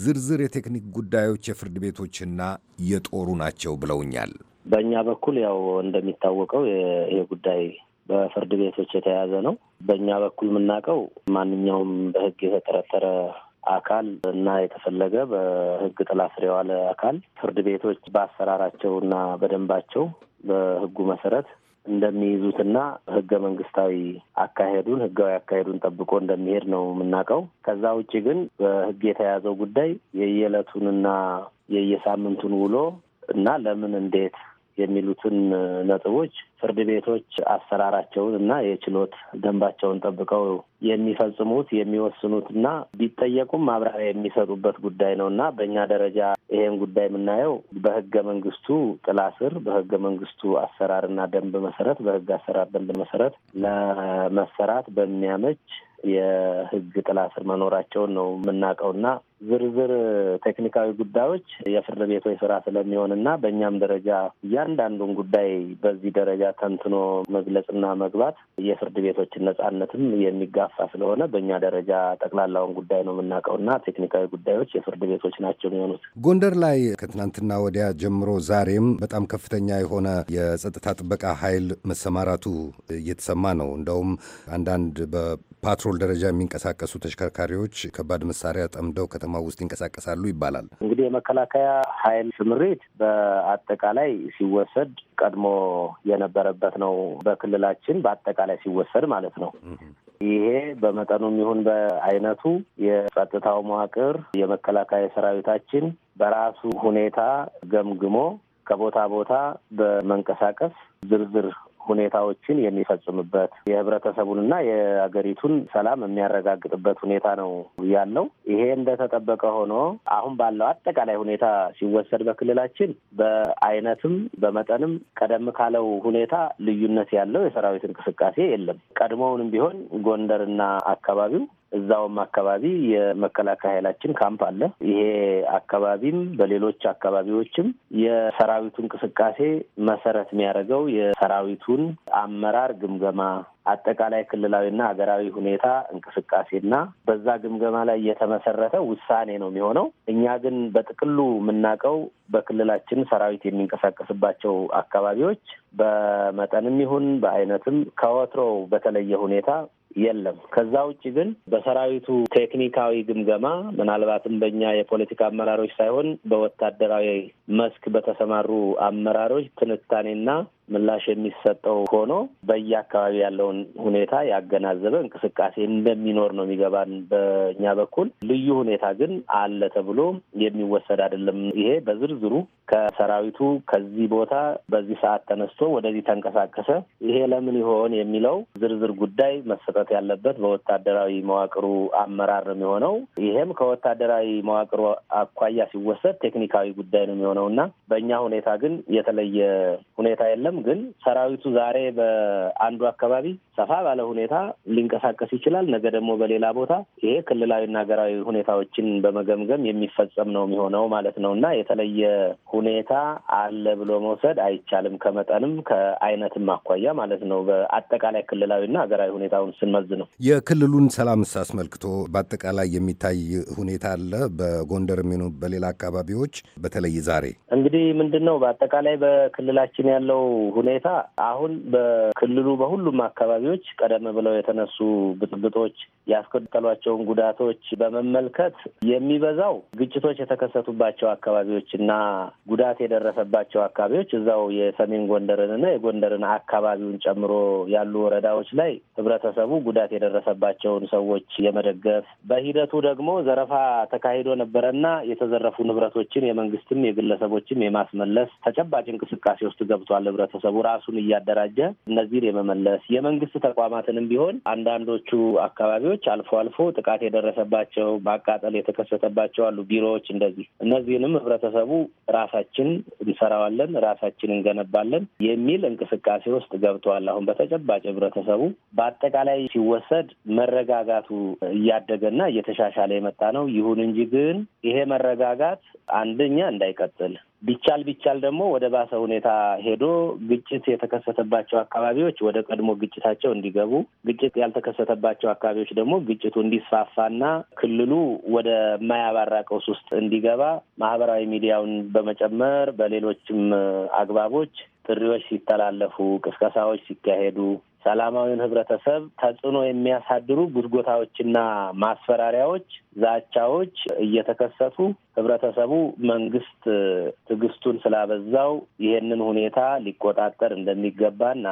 ዝርዝር የቴክኒክ ጉዳዮች የፍርድ ቤቶችና የጦሩ ናቸው ብለውኛል። በእኛ በኩል ያው እንደሚታወቀው ይሄ ጉዳይ በፍርድ ቤቶች የተያዘ ነው። በእኛ በኩል የምናውቀው ማንኛውም በህግ የተጠረጠረ አካል እና የተፈለገ በህግ ጥላ ስር የዋለ አካል ፍርድ ቤቶች በአሰራራቸው እና በደንባቸው በህጉ መሰረት እንደሚይዙትና ህገ መንግስታዊ አካሄዱን ህጋዊ አካሄዱን ጠብቆ እንደሚሄድ ነው የምናውቀው። ከዛ ውጭ ግን በህግ የተያዘው ጉዳይ የየዕለቱንና የየሳምንቱን ውሎ እና ለምን እንዴት የሚሉትን ነጥቦች ፍርድ ቤቶች አሰራራቸውን እና የችሎት ደንባቸውን ጠብቀው የሚፈጽሙት የሚወስኑት እና ቢጠየቁም ማብራሪያ የሚሰጡበት ጉዳይ ነው እና በእኛ ደረጃ ይሄን ጉዳይ የምናየው በህገ መንግስቱ ጥላ ስር በህገ መንግስቱ አሰራርና ደንብ መሰረት በህግ አሰራር ደንብ መሰረት ለመሰራት በሚያመች የህግ ጥላ ስር መኖራቸውን ነው የምናውቀው እና ዝርዝር ቴክኒካዊ ጉዳዮች የፍርድ ቤቶች ስራ ስለሚሆን እና በእኛም ደረጃ እያንዳንዱን ጉዳይ በዚህ ደረጃ ተንትኖ መግለጽና መግባት የፍርድ ቤቶችን ነጻነትም የሚጋፋ ስለሆነ በእኛ ደረጃ ጠቅላላውን ጉዳይ ነው እና ቴክኒካዊ ጉዳዮች የፍርድ ቤቶች ናቸው የሚሆኑት። ጎንደር ላይ ከትናንትና ወዲያ ጀምሮ ዛሬም በጣም ከፍተኛ የሆነ የጸጥታ ጥበቃ ኃይል መሰማራቱ እየተሰማ ነው። እንደውም አንዳንድ በፓትሮል ደረጃ የሚንቀሳቀሱ ተሽከርካሪዎች ከባድ መሳሪያ ጠምደው ከተማ ውስጥ ይንቀሳቀሳሉ ይባላል። እንግዲህ የመከላከያ ኃይል ስምሪት በአጠቃላይ ሲወሰድ ቀድሞ የነበረበት ነው። በክልላችን በአጠቃላይ ሲወሰድ ማለት ነው። ይሄ በመጠኑም ይሁን በአይነቱ የጸጥታው መዋቅር የመከላከያ ሰራዊታችን በራሱ ሁኔታ ገምግሞ ከቦታ ቦታ በመንቀሳቀስ ዝርዝር ሁኔታዎችን የሚፈጽምበት የህብረተሰቡንና የአገሪቱን ሰላም የሚያረጋግጥበት ሁኔታ ነው ያለው። ይሄ እንደተጠበቀ ሆኖ አሁን ባለው አጠቃላይ ሁኔታ ሲወሰድ በክልላችን በአይነትም በመጠንም ቀደም ካለው ሁኔታ ልዩነት ያለው የሰራዊት እንቅስቃሴ የለም። ቀድሞውንም ቢሆን ጎንደርና አካባቢው እዛውም አካባቢ የመከላከያ ኃይላችን ካምፕ አለ። ይሄ አካባቢም በሌሎች አካባቢዎችም የሰራዊቱ እንቅስቃሴ መሰረት የሚያደርገው የሰራዊቱን አመራር ግምገማ አጠቃላይ ክልላዊና ሀገራዊ ሁኔታ እንቅስቃሴና በዛ ግምገማ ላይ የተመሰረተ ውሳኔ ነው የሚሆነው። እኛ ግን በጥቅሉ የምናውቀው በክልላችን ሰራዊት የሚንቀሳቀስባቸው አካባቢዎች በመጠንም ይሁን በአይነትም ከወትሮው በተለየ ሁኔታ የለም። ከዛ ውጭ ግን በሰራዊቱ ቴክኒካዊ ግምገማ ምናልባትም በእኛ የፖለቲካ አመራሮች ሳይሆን በወታደራዊ መስክ በተሰማሩ አመራሮች ትንታኔና ምላሽ የሚሰጠው ሆኖ በየአካባቢ ያለውን ሁኔታ ያገናዘበ እንቅስቃሴ እንደሚኖር ነው የሚገባን። በእኛ በኩል ልዩ ሁኔታ ግን አለ ተብሎ የሚወሰድ አይደለም። ይሄ በዝርዝሩ ከሰራዊቱ ከዚህ ቦታ በዚህ ሰዓት ተነስቶ ወደዚህ ተንቀሳቀሰ፣ ይሄ ለምን ይሆን የሚለው ዝርዝር ጉዳይ መሰጠት ያለበት በወታደራዊ መዋቅሩ አመራር ነው የሚሆነው። ይሄም ከወታደራዊ መዋቅሩ አኳያ ሲወሰድ ቴክኒካዊ ጉዳይ ነው የሚሆነው እና በእኛ ሁኔታ ግን የተለየ ሁኔታ የለም። አይደለም። ግን ሰራዊቱ ዛሬ በአንዱ አካባቢ ሰፋ ባለ ሁኔታ ሊንቀሳቀስ ይችላል፣ ነገ ደግሞ በሌላ ቦታ። ይሄ ክልላዊና ሀገራዊ ሁኔታዎችን በመገምገም የሚፈጸም ነው የሚሆነው ማለት ነው እና የተለየ ሁኔታ አለ ብሎ መውሰድ አይቻልም። ከመጠንም ከአይነትም አኳያ ማለት ነው። በአጠቃላይ ክልላዊና ሀገራዊ ሁኔታውን ስንመዝ ነው የክልሉን ሰላምስ አስመልክቶ በአጠቃላይ የሚታይ ሁኔታ አለ በጎንደር የሚኑ በሌላ አካባቢዎች በተለይ ዛሬ እንግዲህ ምንድን ነው በአጠቃላይ በክልላችን ያለው ሁኔታ አሁን በክልሉ በሁሉም አካባቢዎች ቀደም ብለው የተነሱ ብጥብጦች ያስከተሏቸውን ጉዳቶች በመመልከት የሚበዛው ግጭቶች የተከሰቱባቸው አካባቢዎች እና ጉዳት የደረሰባቸው አካባቢዎች እዛው የሰሜን ጎንደርንና የጎንደርን አካባቢውን ጨምሮ ያሉ ወረዳዎች ላይ ህብረተሰቡ ጉዳት የደረሰባቸውን ሰዎች የመደገፍ በሂደቱ ደግሞ ዘረፋ ተካሂዶ ነበረና የተዘረፉ ንብረቶችን የመንግስትም የግለሰቦችም የማስመለስ ተጨባጭ እንቅስቃሴ ውስጥ ገብቷል ህብረተሰቡ። ህብረተሰቡ ራሱን እያደራጀ እነዚህን የመመለስ የመንግስት ተቋማትንም ቢሆን አንዳንዶቹ አካባቢዎች አልፎ አልፎ ጥቃት የደረሰባቸው በአቃጠል የተከሰተባቸው አሉ ቢሮዎች እንደዚህ እነዚህንም ህብረተሰቡ ራሳችን እንሰራዋለን ራሳችን እንገነባለን የሚል እንቅስቃሴ ውስጥ ገብተዋል። አሁን በተጨባጭ ህብረተሰቡ በአጠቃላይ ሲወሰድ መረጋጋቱ እያደገና እየተሻሻለ የመጣ ነው። ይሁን እንጂ ግን ይሄ መረጋጋት አንደኛ እንዳይቀጥል ቢቻል ቢቻል ደግሞ ወደ ባሰ ሁኔታ ሄዶ ግጭት የተከሰተባቸው አካባቢዎች ወደ ቀድሞ ግጭታቸው እንዲገቡ፣ ግጭት ያልተከሰተባቸው አካባቢዎች ደግሞ ግጭቱ እንዲስፋፋና ክልሉ ወደ ማያባራ ቀውስ ውስጥ እንዲገባ ማህበራዊ ሚዲያውን በመጨመር በሌሎችም አግባቦች ጥሪዎች ሲተላለፉ፣ ቅስቀሳዎች ሲካሄዱ ሰላማዊውን ህብረተሰብ ተጽዕኖ የሚያሳድሩ ጉትጎታዎችና ማስፈራሪያዎች፣ ዛቻዎች እየተከሰቱ ህብረተሰቡ መንግስት ትዕግስቱን ስላበዛው ይሄንን ሁኔታ ሊቆጣጠር እንደሚገባና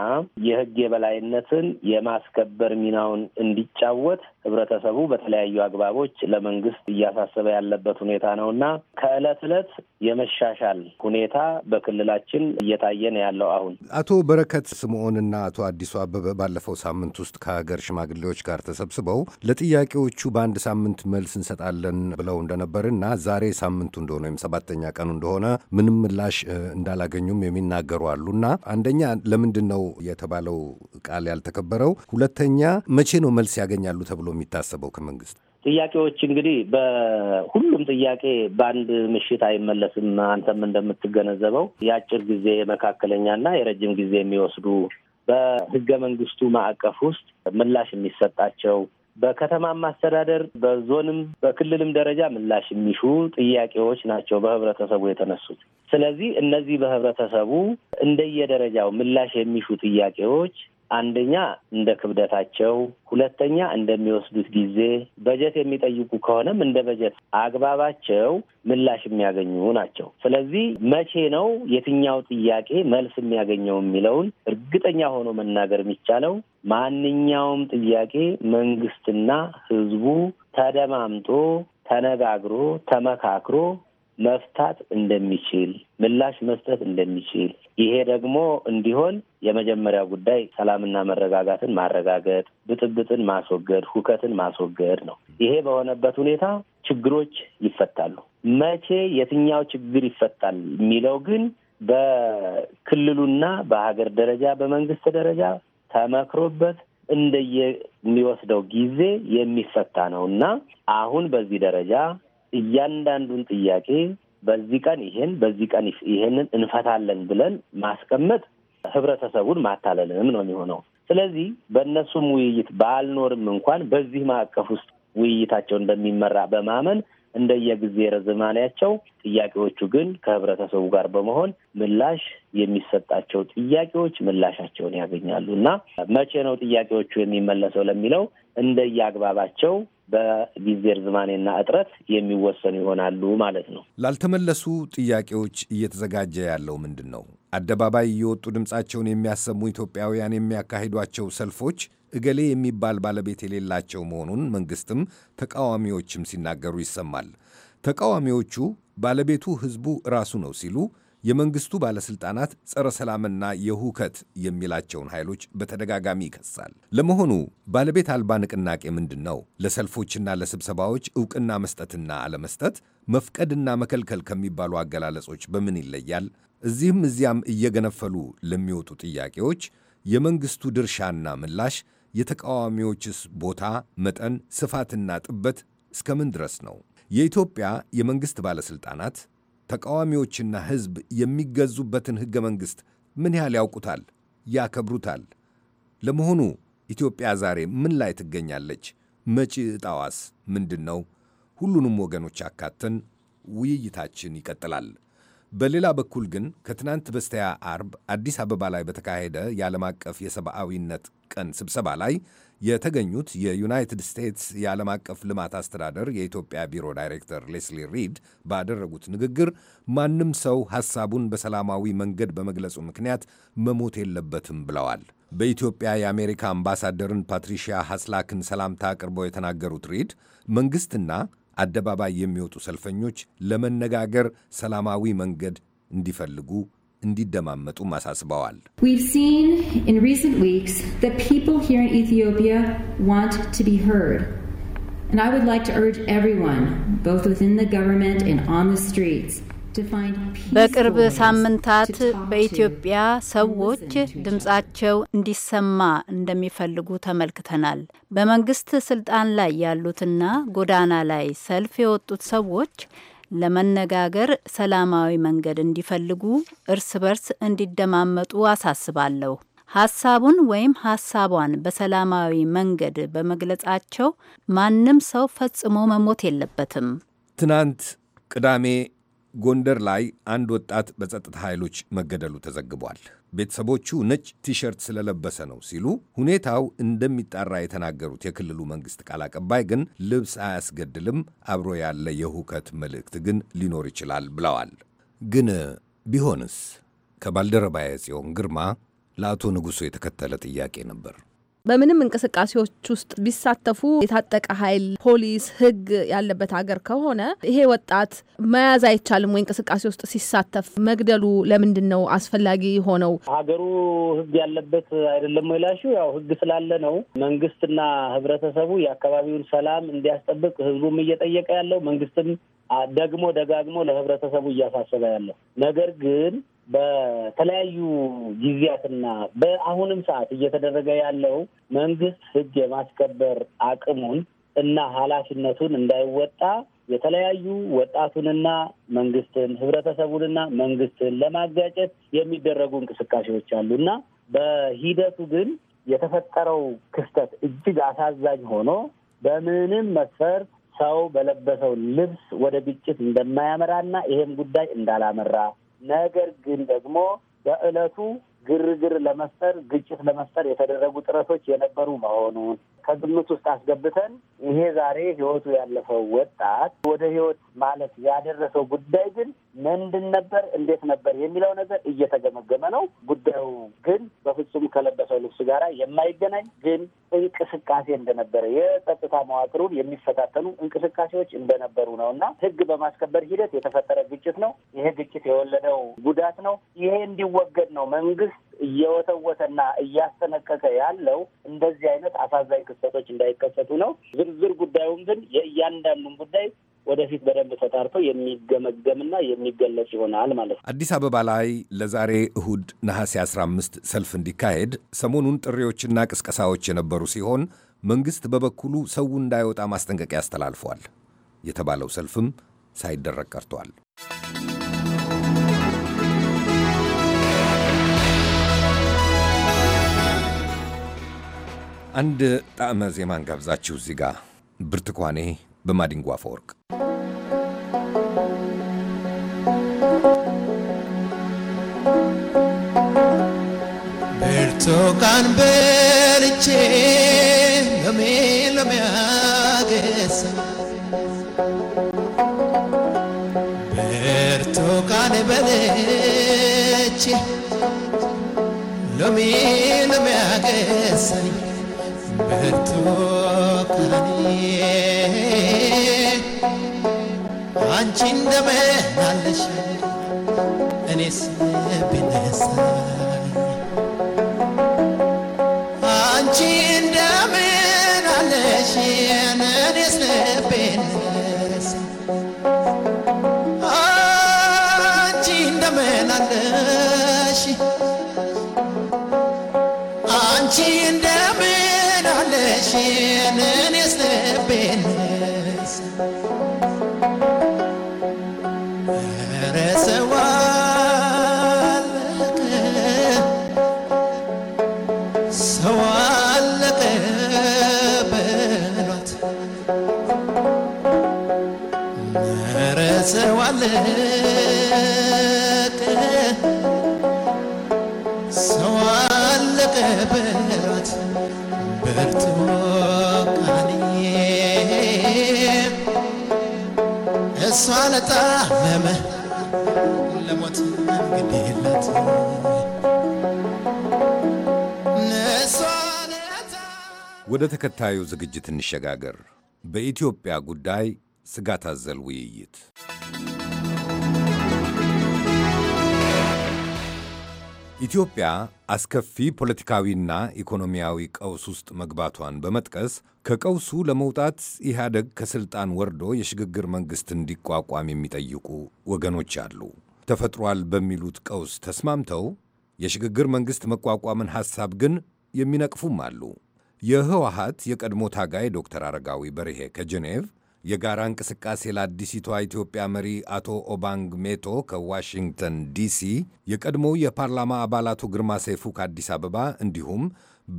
የህግ የበላይነትን የማስከበር ሚናውን እንዲጫወት ህብረተሰቡ በተለያዩ አግባቦች ለመንግስት እያሳሰበ ያለበት ሁኔታ ነው እና ከእለት እለት የመሻሻል ሁኔታ በክልላችን እየታየን ያለው። አሁን አቶ በረከት ስምዖንና አቶ አዲሱ አበበ ባለፈው ሳምንት ውስጥ ከሀገር ሽማግሌዎች ጋር ተሰብስበው ለጥያቄዎቹ በአንድ ሳምንት መልስ እንሰጣለን ብለው እንደነበርና ዛሬ ሳምንቱ እንደሆነ ወይም ሰባተኛ ቀኑ እንደሆነ ምንም ምላሽ እንዳላገኙም የሚናገሩ አሉና አንደኛ ለምንድን ነው የተባለው ቃል ያልተከበረው? ሁለተኛ መቼ ነው መልስ ያገኛሉ ተብሎ የሚታሰበው ከመንግስት? ጥያቄዎች እንግዲህ በሁሉም ጥያቄ በአንድ ምሽት አይመለስም። አንተም እንደምትገነዘበው የአጭር ጊዜ መካከለኛና የረጅም ጊዜ የሚወስዱ በህገ መንግስቱ ማዕቀፍ ውስጥ ምላሽ የሚሰጣቸው በከተማም አስተዳደር በዞንም በክልልም ደረጃ ምላሽ የሚሹ ጥያቄዎች ናቸው በህብረተሰቡ የተነሱት። ስለዚህ እነዚህ በህብረተሰቡ እንደየደረጃው ምላሽ የሚሹ ጥያቄዎች አንደኛ እንደ ክብደታቸው፣ ሁለተኛ እንደሚወስዱት ጊዜ፣ በጀት የሚጠይቁ ከሆነም እንደ በጀት አግባባቸው ምላሽ የሚያገኙ ናቸው። ስለዚህ መቼ ነው የትኛው ጥያቄ መልስ የሚያገኘው የሚለውን እርግጠኛ ሆኖ መናገር የሚቻለው ማንኛውም ጥያቄ መንግስትና ህዝቡ ተደማምጦ ተነጋግሮ ተመካክሮ መፍታት እንደሚችል ምላሽ መስጠት እንደሚችል ይሄ ደግሞ እንዲሆን የመጀመሪያ ጉዳይ ሰላምና መረጋጋትን ማረጋገጥ፣ ብጥብጥን ማስወገድ፣ ሁከትን ማስወገድ ነው። ይሄ በሆነበት ሁኔታ ችግሮች ይፈታሉ። መቼ የትኛው ችግር ይፈታል የሚለው ግን በክልሉና በሀገር ደረጃ በመንግስት ደረጃ ተመክሮበት እንደየሚወስደው ጊዜ የሚፈታ ነው እና አሁን በዚህ ደረጃ እያንዳንዱን ጥያቄ በዚህ ቀን ይሄን በዚህ ቀን ይሄንን እንፈታለን ብለን ማስቀመጥ ህብረተሰቡን ማታለልንም ነው የሚሆነው። ስለዚህ በእነሱም ውይይት ባልኖርም እንኳን በዚህ ማዕቀፍ ውስጥ ውይይታቸው እንደሚመራ በማመን እንደየጊዜ ርዝማኔያቸው ጥያቄዎቹ ግን ከህብረተሰቡ ጋር በመሆን ምላሽ የሚሰጣቸው ጥያቄዎች ምላሻቸውን ያገኛሉ እና መቼ ነው ጥያቄዎቹ የሚመለሰው ለሚለው እንደየ አግባባቸው በጊዜ ርዝማኔና እጥረት የሚወሰኑ ይሆናሉ ማለት ነው። ላልተመለሱ ጥያቄዎች እየተዘጋጀ ያለው ምንድን ነው? አደባባይ እየወጡ ድምፃቸውን የሚያሰሙ ኢትዮጵያውያን የሚያካሂዷቸው ሰልፎች እገሌ የሚባል ባለቤት የሌላቸው መሆኑን መንግስትም ተቃዋሚዎችም ሲናገሩ ይሰማል። ተቃዋሚዎቹ ባለቤቱ ሕዝቡ ራሱ ነው ሲሉ የመንግስቱ ባለሥልጣናት ጸረ ሰላምና የሁከት የሚላቸውን ኃይሎች በተደጋጋሚ ይከሳል። ለመሆኑ ባለቤት አልባ ንቅናቄ ምንድን ነው? ለሰልፎችና ለስብሰባዎች ዕውቅና መስጠትና አለመስጠት፣ መፍቀድና መከልከል ከሚባሉ አገላለጾች በምን ይለያል? እዚህም እዚያም እየገነፈሉ ለሚወጡ ጥያቄዎች የመንግሥቱ ድርሻና ምላሽ፣ የተቃዋሚዎችስ ቦታ፣ መጠን፣ ስፋትና ጥበት እስከምን ድረስ ነው? የኢትዮጵያ የመንግሥት ባለሥልጣናት ተቃዋሚዎችና ሕዝብ የሚገዙበትን ሕገ መንግሥት ምን ያህል ያውቁታል? ያከብሩታል? ለመሆኑ ኢትዮጵያ ዛሬ ምን ላይ ትገኛለች? መጪ ዕጣዋስ ምንድን ነው? ሁሉንም ወገኖች አካተን ውይይታችን ይቀጥላል። በሌላ በኩል ግን ከትናንት በስቲያ አርብ አዲስ አበባ ላይ በተካሄደ የዓለም አቀፍ የሰብአዊነት ቀን ስብሰባ ላይ የተገኙት የዩናይትድ ስቴትስ የዓለም አቀፍ ልማት አስተዳደር የኢትዮጵያ ቢሮ ዳይሬክተር ሌስሊ ሪድ ባደረጉት ንግግር ማንም ሰው ሐሳቡን በሰላማዊ መንገድ በመግለጹ ምክንያት መሞት የለበትም ብለዋል። በኢትዮጵያ የአሜሪካ አምባሳደርን ፓትሪሺያ ሐስላክን ሰላምታ አቅርበው የተናገሩት ሪድ መንግሥትና አደባባይ የሚወጡ ሰልፈኞች ለመነጋገር ሰላማዊ መንገድ እንዲፈልጉ እንዲደማመጡም አሳስበዋል። And I would like to urge everyone, both within the government and on the streets, በቅርብ ሳምንታት በኢትዮጵያ ሰዎች ድምጻቸው እንዲሰማ እንደሚፈልጉ ተመልክተናል። በመንግስት ስልጣን ላይ ያሉትና ጎዳና ላይ ሰልፍ የወጡት ሰዎች ለመነጋገር ሰላማዊ መንገድ እንዲፈልጉ፣ እርስ በርስ እንዲደማመጡ አሳስባለሁ። ሀሳቡን ወይም ሀሳቧን በሰላማዊ መንገድ በመግለጻቸው ማንም ሰው ፈጽሞ መሞት የለበትም። ትናንት ቅዳሜ ጎንደር ላይ አንድ ወጣት በጸጥታ ኃይሎች መገደሉ ተዘግቧል። ቤተሰቦቹ ነጭ ቲሸርት ስለለበሰ ነው ሲሉ ሁኔታው እንደሚጣራ የተናገሩት የክልሉ መንግስት ቃል አቀባይ ግን ልብስ አያስገድልም፣ አብሮ ያለ የሁከት መልእክት ግን ሊኖር ይችላል ብለዋል። ግን ቢሆንስ ከባልደረባ የጽዮን ግርማ ለአቶ ንጉሡ የተከተለ ጥያቄ ነበር። በምንም እንቅስቃሴዎች ውስጥ ቢሳተፉ የታጠቀ ኃይል ፖሊስ፣ ህግ ያለበት ሀገር ከሆነ ይሄ ወጣት መያዝ አይቻልም ወይ? እንቅስቃሴ ውስጥ ሲሳተፍ መግደሉ ለምንድን ነው አስፈላጊ ሆነው? ሀገሩ ህግ ያለበት አይደለም ወይላሹ? ያው ህግ ስላለ ነው። መንግስትና ህብረተሰቡ የአካባቢውን ሰላም እንዲያስጠብቅ ህዝቡም እየጠየቀ ያለው መንግስትም ደግሞ ደጋግሞ ለህብረተሰቡ እያሳሰበ ያለው ነገር ግን በተለያዩ ጊዜያትና በአሁንም ሰዓት እየተደረገ ያለው መንግስት ህግ የማስከበር አቅሙን እና ኃላፊነቱን እንዳይወጣ የተለያዩ ወጣቱንና መንግስትን ህብረተሰቡንና መንግስትን ለማጋጨት የሚደረጉ እንቅስቃሴዎች አሉ እና በሂደቱ ግን የተፈጠረው ክስተት እጅግ አሳዛኝ ሆኖ በምንም መስፈርት ሰው በለበሰው ልብስ ወደ ግጭት እንደማያመራና ይሄም ጉዳይ እንዳላመራ ነገር ግን ደግሞ በዕለቱ ግርግር ለመፍጠር ግጭት ለመፍጠር የተደረጉ ጥረቶች የነበሩ መሆኑን ከግምት ውስጥ አስገብተን ይሄ ዛሬ ህይወቱ ያለፈው ወጣት ወደ ህይወት ማለት ያደረሰው ጉዳይ ግን ምንድን ነበር፣ እንዴት ነበር የሚለው ነገር እየተገመገመ ነው። ጉዳዩ ግን በፍጹም ከለበሰው ልብስ ጋር የማይገናኝ ግን እንቅስቃሴ እንደነበረ የጸጥታ መዋቅሩን የሚፈታተኑ እንቅስቃሴዎች እንደነበሩ ነው እና ህግ በማስከበር ሂደት የተፈጠረ ግጭት ነው። ይሄ ግጭት የወለደው ጉዳት ነው። ይሄ እንዲወገድ ነው መንግስት እየወተወተና እያስጠነቀቀ ያለው እንደዚህ አይነት አሳዛኝ ክስተቶች እንዳይከሰቱ ነው። ዝርዝር ጉዳዩም ግን የእያንዳንዱን ጉዳይ ወደፊት በደንብ ተጣርቶ የሚገመገምና የሚገለጽ ይሆናል ማለት ነው። አዲስ አበባ ላይ ለዛሬ እሁድ ነሐሴ 15 ሰልፍ እንዲካሄድ ሰሞኑን ጥሪዎችና ቅስቀሳዎች የነበሩ ሲሆን መንግሥት በበኩሉ ሰው እንዳይወጣ ማስጠንቀቂያ አስተላልፏል። የተባለው ሰልፍም ሳይደረግ ቀርቷል። አንድ ጣዕመ ዜማን ጋብዛችሁ እዚህ ጋር ብርትኳኔ በማዲንጎ አፈወርቅ ብርቱካን በልቼ ለምለሚያ ገሳ ብርቱካን በልቼ ለምለሚያ ገሳኝ ብርቱካን አንቺ እንደመናለሽ እኔስ ብነሳ አንቺ አለሽ እኔስ ብነሳ አንቺ እንደምናለሽ አንቺ እንደምናለሽ እኔ ብንስ ለሞት ወደ ተከታዩ ዝግጅት እንሸጋገር። በኢትዮጵያ ጉዳይ ስጋት አዘል ውይይት ኢትዮጵያ አስከፊ ፖለቲካዊና ኢኮኖሚያዊ ቀውስ ውስጥ መግባቷን በመጥቀስ ከቀውሱ ለመውጣት ኢህአደግ ከሥልጣን ወርዶ የሽግግር መንግሥት እንዲቋቋም የሚጠይቁ ወገኖች አሉ። ተፈጥሯል በሚሉት ቀውስ ተስማምተው የሽግግር መንግሥት መቋቋምን ሐሳብ ግን የሚነቅፉም አሉ። የህወሀት የቀድሞ ታጋይ ዶክተር አረጋዊ በርሄ ከጄኔቭ የጋራ እንቅስቃሴ ለአዲሲቷ ኢትዮጵያ መሪ አቶ ኦባንግ ሜቶ ከዋሽንግተን ዲሲ፣ የቀድሞው የፓርላማ አባላቱ ግርማ ሰይፉ ከአዲስ አበባ እንዲሁም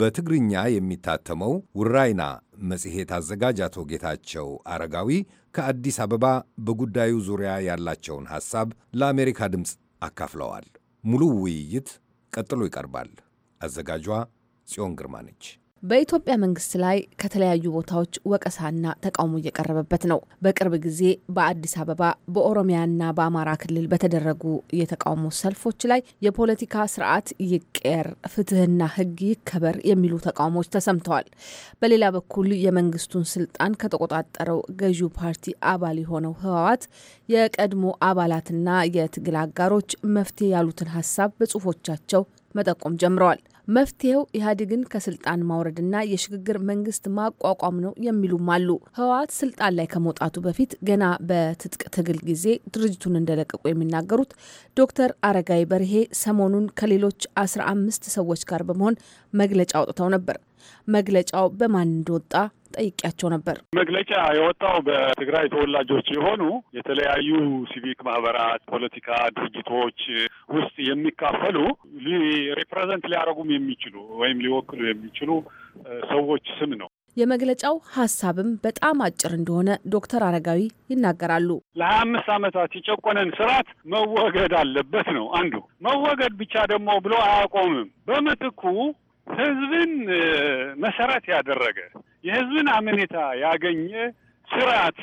በትግርኛ የሚታተመው ውራይና መጽሔት አዘጋጅ አቶ ጌታቸው አረጋዊ ከአዲስ አበባ በጉዳዩ ዙሪያ ያላቸውን ሐሳብ ለአሜሪካ ድምፅ አካፍለዋል። ሙሉ ውይይት ቀጥሎ ይቀርባል። አዘጋጇ ጽዮን ግርማ ነች። በኢትዮጵያ መንግስት ላይ ከተለያዩ ቦታዎች ወቀሳና ተቃውሞ እየቀረበበት ነው። በቅርብ ጊዜ በአዲስ አበባ በኦሮሚያና በአማራ ክልል በተደረጉ የተቃውሞ ሰልፎች ላይ የፖለቲካ ስርዓት ይቀየር፣ ፍትህና ህግ ይከበር የሚሉ ተቃውሞዎች ተሰምተዋል። በሌላ በኩል የመንግስቱን ስልጣን ከተቆጣጠረው ገዢው ፓርቲ አባል የሆነው ህወሓት የቀድሞ አባላትና የትግል አጋሮች መፍትሄ ያሉትን ሀሳብ በጽሁፎቻቸው መጠቆም ጀምረዋል። መፍትሄው ኢህአዴግን ከስልጣን ማውረድና የሽግግር መንግስት ማቋቋም ነው የሚሉም አሉ። ህወሓት ስልጣን ላይ ከመውጣቱ በፊት ገና በትጥቅ ትግል ጊዜ ድርጅቱን እንደለቀቁ የሚናገሩት ዶክተር አረጋይ በርሄ ሰሞኑን ከሌሎች አስራ አምስት ሰዎች ጋር በመሆን መግለጫ አውጥተው ነበር። መግለጫው በማን እንደወጣ ጠይቄያቸው ነበር። መግለጫ የወጣው በትግራይ ተወላጆች የሆኑ የተለያዩ ሲቪክ ማህበራት፣ ፖለቲካ ድርጅቶች ውስጥ የሚካፈሉ ሪፕሬዘንት ሊያደርጉም የሚችሉ ወይም ሊወክሉ የሚችሉ ሰዎች ስም ነው። የመግለጫው ሀሳብም በጣም አጭር እንደሆነ ዶክተር አረጋዊ ይናገራሉ። ለሀያ አምስት ዓመታት የጨቆነን ስርዓት መወገድ አለበት ነው አንዱ። መወገድ ብቻ ደግሞ ብሎ አያቆምም። በምትኩ ህዝብን መሰረት ያደረገ የህዝብን አመኔታ ያገኘ ስርዓት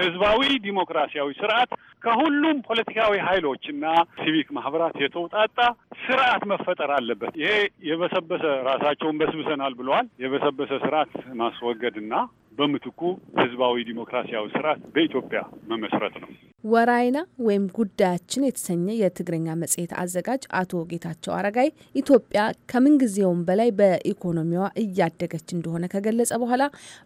ህዝባዊ ዲሞክራሲያዊ ስርዓት ከሁሉም ፖለቲካዊ ኃይሎችና ሲቪክ ማህበራት የተውጣጣ ስርዓት መፈጠር አለበት። ይሄ የበሰበሰ ራሳቸውን በስብሰናል ብለዋል። የበሰበሰ ስርዓት ማስወገድና በምትኩ ህዝባዊ ዲሞክራሲያዊ ስርዓት በኢትዮጵያ መመስረት ነው። ወራይና ወይም ጉዳያችን የተሰኘ የትግርኛ መጽሔት አዘጋጅ አቶ ጌታቸው አረጋይ ኢትዮጵያ ከምንጊዜውም በላይ በኢኮኖሚዋ እያደገች እንደሆነ ከገለጸ በኋላ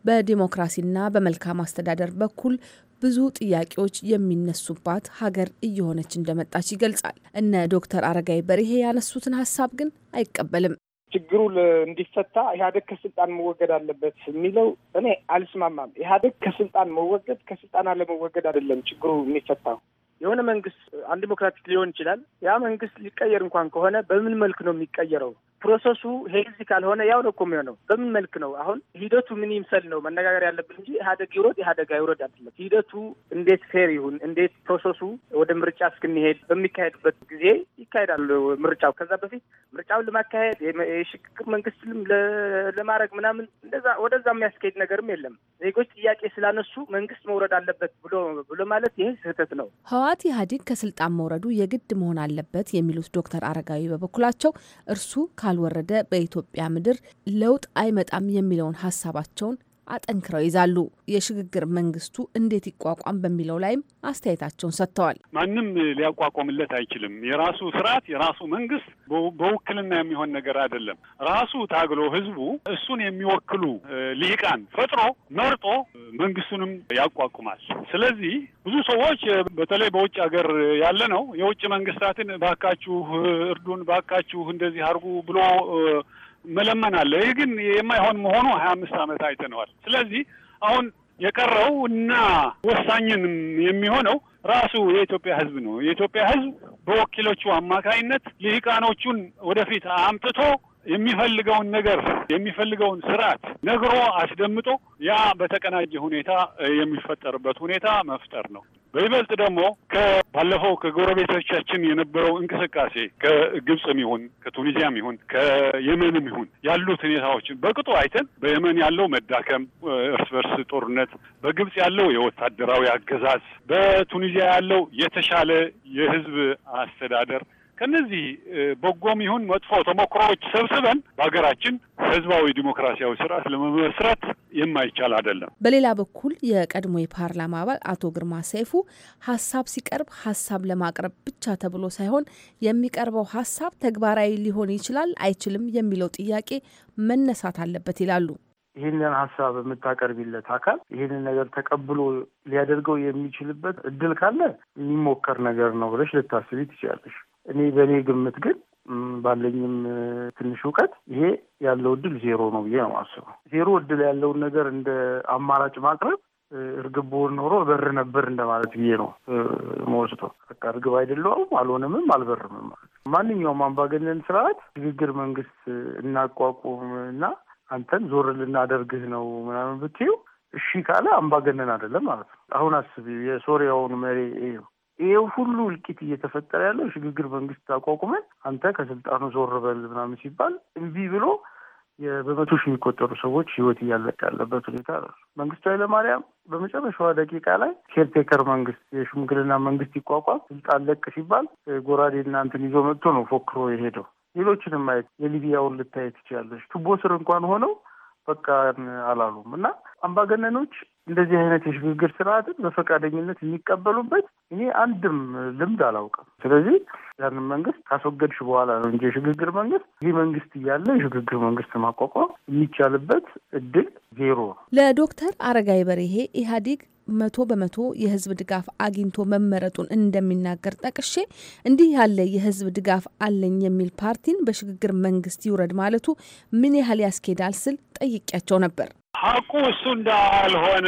በዲሞክራሲና በመልካም አስተዳደር በኩል ብዙ ጥያቄዎች የሚነሱባት ሀገር እየሆነች እንደመጣች ይገልጻል። እነ ዶክተር አረጋይ በርሄ ያነሱትን ሀሳብ ግን አይቀበልም። ችግሩ እንዲፈታ ኢህአዴግ ከስልጣን መወገድ አለበት የሚለው እኔ አልስማማም። ኢህአዴግ ከስልጣን መወገድ ከስልጣን አለመወገድ አይደለም ችግሩ የሚፈታው። የሆነ መንግስት አንዲሞክራቲክ ሊሆን ይችላል። ያ መንግስት ሊቀየር እንኳን ከሆነ በምን መልክ ነው የሚቀየረው? ፕሮሰሱ ሄዝ ካልሆነ ያው ነው እኮ የሚሆነው። በምን መልክ ነው አሁን ሂደቱ ምን ይምሰል ነው መነጋገር ያለብን እንጂ ኢህአደግ ይውረድ ኢህአደግ አይውረድ አይደለም። ሂደቱ እንዴት ፌር ይሁን፣ እንዴት ፕሮሰሱ ወደ ምርጫ እስክንሄድ በሚካሄድበት ጊዜ ይካሄዳል ምርጫው። ከዛ በፊት ምርጫውን ለማካሄድ የሽግግር መንግስት ለማድረግ ምናምን እንደዛ ወደዛ የሚያስካሄድ ነገርም የለም። ዜጎች ጥያቄ ስላነሱ መንግስት መውረድ አለበት ብሎ ብሎ ማለት ይህ ስህተት ነው። ህወሓት ኢህአዴግ ከስልጣን መውረዱ የግድ መሆን አለበት የሚሉት ዶክተር አረጋዊ በበኩላቸው እርሱ ካልወረደ በኢትዮጵያ ምድር ለውጥ አይመጣም የሚለውን ሀሳባቸውን አጠንክረው ይዛሉ። የሽግግር መንግስቱ እንዴት ይቋቋም በሚለው ላይም አስተያየታቸውን ሰጥተዋል። ማንም ሊያቋቋምለት አይችልም። የራሱ ስርዓት፣ የራሱ መንግስት በውክልና የሚሆን ነገር አይደለም። ራሱ ታግሎ ህዝቡ እሱን የሚወክሉ ልሂቃን ፈጥሮ መርጦ መንግስቱንም ያቋቁማል። ስለዚህ ብዙ ሰዎች በተለይ በውጭ ሀገር ያለ ነው የውጭ መንግስታትን ባካችሁ እርዱን፣ ባካችሁ እንደዚህ አድርጉ ብሎ መለመን አለ። ይህ ግን የማይሆን መሆኑ ሀያ አምስት ዓመት አይተነዋል። ስለዚህ አሁን የቀረው እና ወሳኝን የሚሆነው ራሱ የኢትዮጵያ ሕዝብ ነው። የኢትዮጵያ ሕዝብ በወኪሎቹ አማካይነት ልሂቃኖቹን ወደፊት አምጥቶ የሚፈልገውን ነገር የሚፈልገውን ስርዓት ነግሮ አስደምጦ ያ በተቀናጀ ሁኔታ የሚፈጠርበት ሁኔታ መፍጠር ነው። በይበልጥ ደግሞ ከባለፈው ከጎረቤቶቻችን የነበረው እንቅስቃሴ ከግብፅም ይሁን ከቱኒዚያም ይሁን ከየመንም ይሁን ያሉት ሁኔታዎችን በቅጡ አይተን በየመን ያለው መዳከም፣ እርስ በርስ ጦርነት፣ በግብፅ ያለው የወታደራዊ አገዛዝ፣ በቱኒዚያ ያለው የተሻለ የህዝብ አስተዳደር ከነዚህ በጎም ይሁን መጥፎ ተሞክሮዎች ሰብስበን በሀገራችን ህዝባዊ ዲሞክራሲያዊ ስርዓት ለመመስረት የማይቻል አይደለም። በሌላ በኩል የቀድሞ የፓርላማ አባል አቶ ግርማ ሰይፉ ሀሳብ ሲቀርብ ሀሳብ ለማቅረብ ብቻ ተብሎ ሳይሆን የሚቀርበው ሀሳብ ተግባራዊ ሊሆን ይችላል አይችልም የሚለው ጥያቄ መነሳት አለበት ይላሉ። ይህንን ሀሳብ የምታቀርቢለት አካል ይህንን ነገር ተቀብሎ ሊያደርገው የሚችልበት እድል ካለ የሚሞከር ነገር ነው ብለሽ ልታስቢ ትችላለሽ። እኔ በእኔ ግምት ግን ባለኝም ትንሽ እውቀት ይሄ ያለው እድል ዜሮ ነው ብዬ ነው አስበው። ዜሮ እድል ያለውን ነገር እንደ አማራጭ ማቅረብ እርግብ ኖሮ በር ነበር እንደማለት ብዬ ነው መወስቶ። በቃ እርግብ አይደለውም፣ አልሆንምም፣ አልበርምም ማለት ማንኛውም አምባገነን ስርዓት ሽግግር መንግስት እናቋቁም እና አንተን ዞር ልናደርግህ ነው ምናምን ብትዩ እሺ ካለ አምባገነን አይደለም ማለት ነው። አሁን አስብ የሶሪያውን መሪ ይሄው ሁሉ እልቂት እየተፈጠረ ያለው የሽግግር መንግስት አቋቁመን አንተ ከስልጣኑ ዞር በል ምናምን ሲባል እምቢ ብሎ በመቶ ሺህ የሚቆጠሩ ሰዎች ህይወት እያለቀ ያለበት ሁኔታ ነው። መንግስቱ ኃይለማርያም በመጨረሻዋ ደቂቃ ላይ ኬርቴከር መንግስት የሽምግልና መንግስት ይቋቋም ስልጣን ለቅ ሲባል ጎራዴ እናንትን ይዞ መጥቶ ነው ፎክሮ የሄደው። ሌሎችንም ማየት የሊቢያውን ልታየት ትችላለች። ቱቦ ስር እንኳን ሆነው በቃ አላሉም እና አምባገነኖች እንደዚህ አይነት የሽግግር ስርዓትን በፈቃደኝነት የሚቀበሉበት እኔ አንድም ልምድ አላውቅም። ስለዚህ ያንን መንግስት ካስወገድሽ በኋላ ነው እንጂ የሽግግር መንግስት ይህ መንግስት እያለ የሽግግር መንግስት ማቋቋም የሚቻልበት እድል ዜሮ ነው። ለዶክተር አረጋይ በርሄ ኢህአዴግ መቶ በመቶ የህዝብ ድጋፍ አግኝቶ መመረጡን እንደሚናገር ጠቅሼ እንዲህ ያለ የህዝብ ድጋፍ አለኝ የሚል ፓርቲን በሽግግር መንግስት ይውረድ ማለቱ ምን ያህል ያስኬዳል ስል ጠይቄያቸው ነበር። ሀቁ እሱ እንዳልሆነ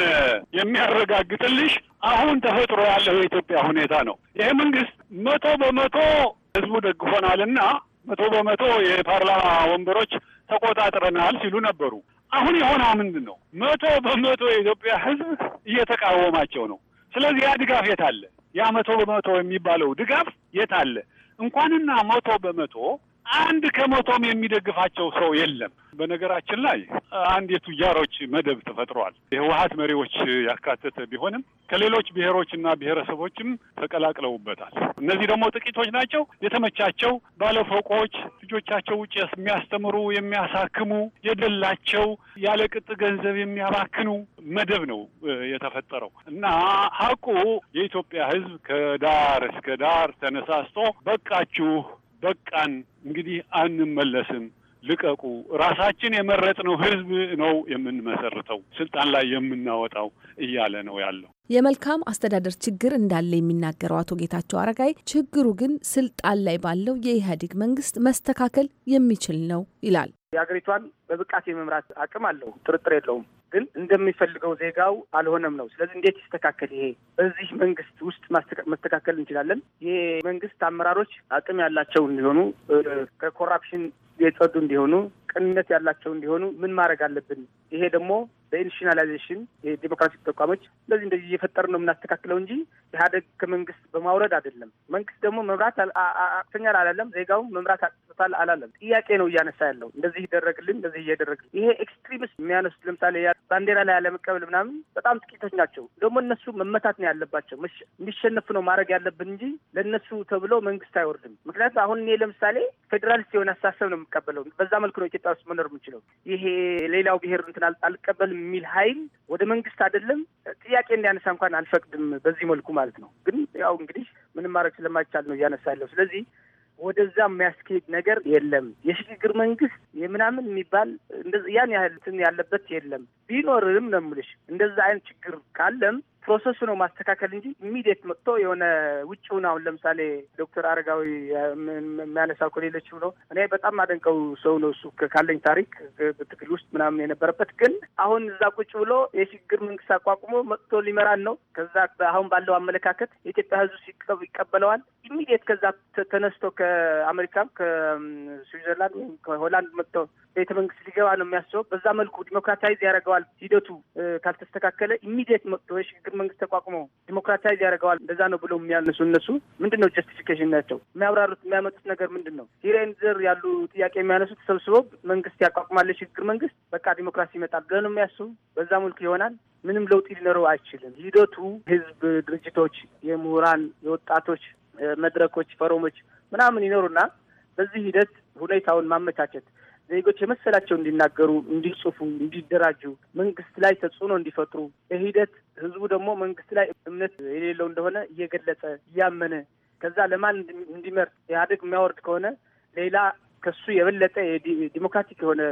የሚያረጋግጥልሽ አሁን ተፈጥሮ ያለው የኢትዮጵያ ሁኔታ ነው። ይህ መንግስት መቶ በመቶ ህዝቡ ደግፎናልና መቶ በመቶ የፓርላማ ወንበሮች ተቆጣጥረናል ሲሉ ነበሩ። አሁን የሆነ ምንድን ነው? መቶ በመቶ የኢትዮጵያ ህዝብ እየተቃወማቸው ነው። ስለዚህ ያ ድጋፍ የት አለ? ያ መቶ በመቶ የሚባለው ድጋፍ የት አለ? እንኳንና መቶ በመቶ አንድ ከመቶም የሚደግፋቸው ሰው የለም። በነገራችን ላይ አንድ የቱጃሮች መደብ ተፈጥሯል። የህወሀት መሪዎች ያካተተ ቢሆንም ከሌሎች ብሔሮች እና ብሔረሰቦችም ተቀላቅለውበታል። እነዚህ ደግሞ ጥቂቶች ናቸው። የተመቻቸው ባለፎቆች፣ ልጆቻቸው ውጭ የሚያስተምሩ የሚያሳክሙ፣ የደላቸው ያለ ቅጥ ገንዘብ የሚያባክኑ መደብ ነው የተፈጠረው እና ሀቁ የኢትዮጵያ ህዝብ ከዳር እስከ ዳር ተነሳስቶ በቃችሁ በቃን፣ እንግዲህ አንመለስም፣ ልቀቁ፣ ራሳችን የመረጥነው ህዝብ ነው የምንመሰርተው፣ ስልጣን ላይ የምናወጣው እያለ ነው ያለው። የመልካም አስተዳደር ችግር እንዳለ የሚናገረው አቶ ጌታቸው አረጋይ ችግሩ ግን ስልጣን ላይ ባለው የኢህአዴግ መንግስት መስተካከል የሚችል ነው ይላል። የሀገሪቷን በብቃት የመምራት አቅም አለው፣ ጥርጥር የለውም። ግን እንደሚፈልገው ዜጋው አልሆነም ነው። ስለዚህ እንዴት ይስተካከል? ይሄ በዚህ መንግስት ውስጥ መስተካከል እንችላለን። ይሄ መንግስት አመራሮች አቅም ያላቸው እንዲሆኑ ከኮራፕሽን የጸዱ እንዲሆኑ ቅንነት ያላቸው እንዲሆኑ ምን ማድረግ አለብን? ይሄ ደግሞ በኢንሽናላይዜሽን የዲሞክራሲክ ተቋሞች እንደዚህ እንደዚህ እየፈጠር ነው የምናስተካክለው እንጂ ኢህአዴግ ከመንግስት በማውረድ አይደለም። መንግስት ደግሞ መምራት አቅተኛል አላለም፣ ዜጋውም መምራት አቅቶታል አላለም። ጥያቄ ነው እያነሳ ያለው እንደዚህ ይደረግልን፣ እንደዚህ እየደረግልን። ይሄ ኤክስትሪሚስት የሚያነሱት ለምሳሌ ባንዲራ ላይ ያለመቀበል ምናምን በጣም ጥቂቶች ናቸው። ደግሞ እነሱ መመታት ነው ያለባቸው። እንዲሸነፉ ነው ማድረግ ያለብን እንጂ ለእነሱ ተብሎ መንግስት አይወርድም። ምክንያቱም አሁን እኔ ለምሳሌ ፌዴራሊስት የሆነ አስተሳሰብ ነው የምቀበለው በዛ መልኩ ነው ኢትዮጵያ ውስጥ መኖር የምንችለው። ይሄ ሌላው ብሔር እንትን አልቀበልም የሚል ሀይል ወደ መንግስት አይደለም ጥያቄ እንዲያነሳ እንኳን አልፈቅድም። በዚህ መልኩ ማለት ነው። ግን ያው እንግዲህ ምንም ማድረግ ስለማይቻል ነው እያነሳ ያለው። ስለዚህ ወደዛ የሚያስኬድ ነገር የለም። የሽግግር መንግስት የምናምን የሚባል ያን ያህል እንትን ያለበት የለም። ቢኖርም ነው የምልሽ እንደዛ አይነት ችግር ካለም ፕሮሰሱ ነው ማስተካከል እንጂ ኢሚዲየት መጥቶ የሆነ ውጭውን አሁን ለምሳሌ ዶክተር አረጋዊ የሚያነሳው ከሌሎች ብሎ እኔ በጣም አደንቀው ሰው ነው እሱ ካለኝ ታሪክ በትግል ውስጥ ምናምን የነበረበት ግን አሁን እዛ ቁጭ ብሎ የሽግግር መንግስት አቋቁሞ መጥቶ ሊመራን ነው። ከዛ አሁን ባለው አመለካከት የኢትዮጵያ ሲቀብ ይቀበለዋል። ኢሚዲየት ከዛ ተነስቶ ከአሜሪካም ከስዊዘርላንድ ወይም ከሆላንድ መጥቶ ቤተ መንግስት ሊገባ ነው የሚያስበው። በዛ መልኩ ዲሞክራታይዝ ያደርገዋል ሂደቱ ካልተስተካከለ ኢሚዲየት መጥቶ የሽግግር መንግስት ተቋቁሞ ዲሞክራታይዝ ያደርገዋል እንደዛ ነው ብሎ የሚያነሱ እነሱ ምንድን ነው ጀስቲፊኬሽን ናቸው የሚያብራሩት የሚያመጡት ነገር ምንድን ነው? ሂሬንዘር ያሉ ጥያቄ የሚያነሱ ተሰብስበው መንግስት ያቋቁማል ሽግግር መንግስት በቃ ዲሞክራሲ ይመጣል ብለን የሚያስቡ በዛ ሙልክ ይሆናል። ምንም ለውጥ ሊኖረው አይችልም። ሂደቱ ህዝብ ድርጅቶች፣ የምሁራን፣ የወጣቶች መድረኮች፣ ፈሮሞች ምናምን ይኖሩና በዚህ ሂደት ሁኔታውን ማመቻቸት ዜጎች የመሰላቸው እንዲናገሩ፣ እንዲጽፉ፣ እንዲደራጁ፣ መንግስት ላይ ተጽዕኖ እንዲፈጥሩ በሂደት ህዝቡ ደግሞ መንግስት ላይ እምነት የሌለው እንደሆነ እየገለጸ እያመነ ከዛ ለማን እንዲመርጥ ኢህአዴግ የሚያወርድ ከሆነ ሌላ ከሱ የበለጠ የዲሞክራቲክ የሆነ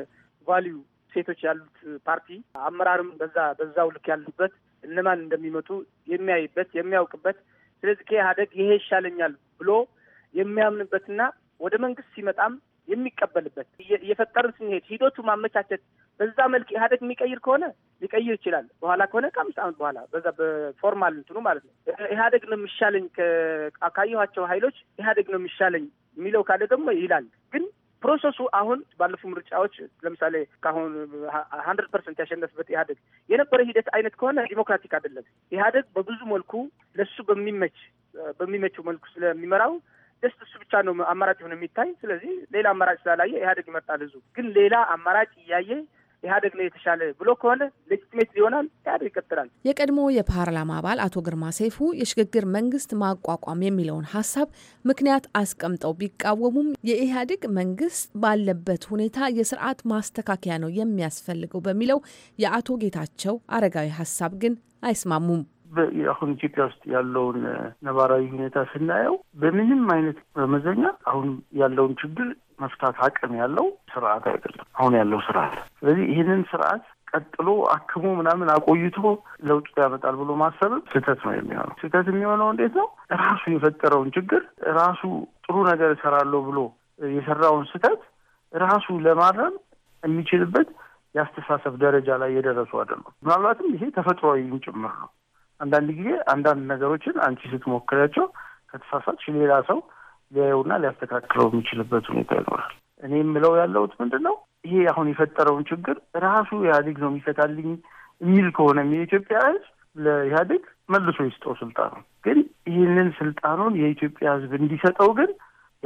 ቫልዩ ሴቶች ያሉት ፓርቲ አመራርም በዛ በዛው ልክ ያሉበት እነማን እንደሚመጡ የሚያይበት የሚያውቅበት ስለዚህ ከኢህአዴግ ይሄ ይሻለኛል ብሎ የሚያምንበትና ወደ መንግስት ሲመጣም የሚቀበልበት እየፈጠርን ስንሄድ ሂደቱ ማመቻቸት በዛ መልክ ኢህአዴግ የሚቀይር ከሆነ ሊቀይር ይችላል። በኋላ ከሆነ ከአምስት ዓመት በኋላ በዛ በፎርማል እንትኑ ማለት ነው። ኢህአዴግ ነው የሚሻለኝ ካየኋቸው ሀይሎች ኢህአዴግ ነው የሚሻለኝ የሚለው ካለ ደግሞ ይላል። ግን ፕሮሰሱ አሁን ባለፉ ምርጫዎች ለምሳሌ ከአሁን ሀንድረድ ፐርሰንት ያሸነፍበት ኢህአዴግ የነበረ ሂደት አይነት ከሆነ ዲሞክራቲክ አይደለም። ኢህአዴግ በብዙ መልኩ ለሱ በሚመች በሚመችው መልኩ ስለሚመራው ደስ እሱ ብቻ ነው አማራጭ ሆነ የሚታይ። ስለዚህ ሌላ አማራጭ ስላላየ ኢህአዴግ ይመርጣል። ህዝቡ ግን ሌላ አማራጭ እያየ ኢህአዴግ ነው የተሻለ ብሎ ከሆነ ሌጅትሜት ሊሆናል ኢህአዴግ ይቀጥላል። የቀድሞ የፓርላማ አባል አቶ ግርማ ሰይፉ የሽግግር መንግስት ማቋቋም የሚለውን ሀሳብ ምክንያት አስቀምጠው ቢቃወሙም የኢህአዴግ መንግስት ባለበት ሁኔታ የስርዓት ማስተካከያ ነው የሚያስፈልገው በሚለው የአቶ ጌታቸው አረጋዊ ሀሳብ ግን አይስማሙም። አሁን ኢትዮጵያ ውስጥ ያለውን ነባራዊ ሁኔታ ስናየው በምንም አይነት በመዘኛ አሁን ያለውን ችግር መፍታት አቅም ያለው ስርዓት አይደለም አሁን ያለው ስርዓት። ስለዚህ ይህንን ስርዓት ቀጥሎ አክሞ ምናምን አቆይቶ ለውጡ ያመጣል ብሎ ማሰብም ስህተት ነው የሚሆነው። ስህተት የሚሆነው እንዴት ነው? ራሱ የፈጠረውን ችግር ራሱ ጥሩ ነገር እሰራለሁ ብሎ የሰራውን ስህተት ራሱ ለማረም የሚችልበት የአስተሳሰብ ደረጃ ላይ የደረሱ አይደሉም። ምናልባትም ይሄ ተፈጥሯዊም ጭምር ነው። አንዳንድ ጊዜ አንዳንድ ነገሮችን አንቺ ስትሞክራቸው ከተሳሳትሽ ሌላ ሰው ሊያየውና ሊያስተካክለው የሚችልበት ሁኔታ ይኖራል። እኔ የምለው ያለሁት ምንድን ነው ይሄ አሁን የፈጠረውን ችግር ራሱ ኢህአዴግ ነው የሚፈታልኝ የሚል ከሆነ የኢትዮጵያ ህዝብ ለኢህአዴግ መልሶ ይስጠው ስልጣኑን። ግን ይህንን ስልጣኑን የኢትዮጵያ ህዝብ እንዲሰጠው ግን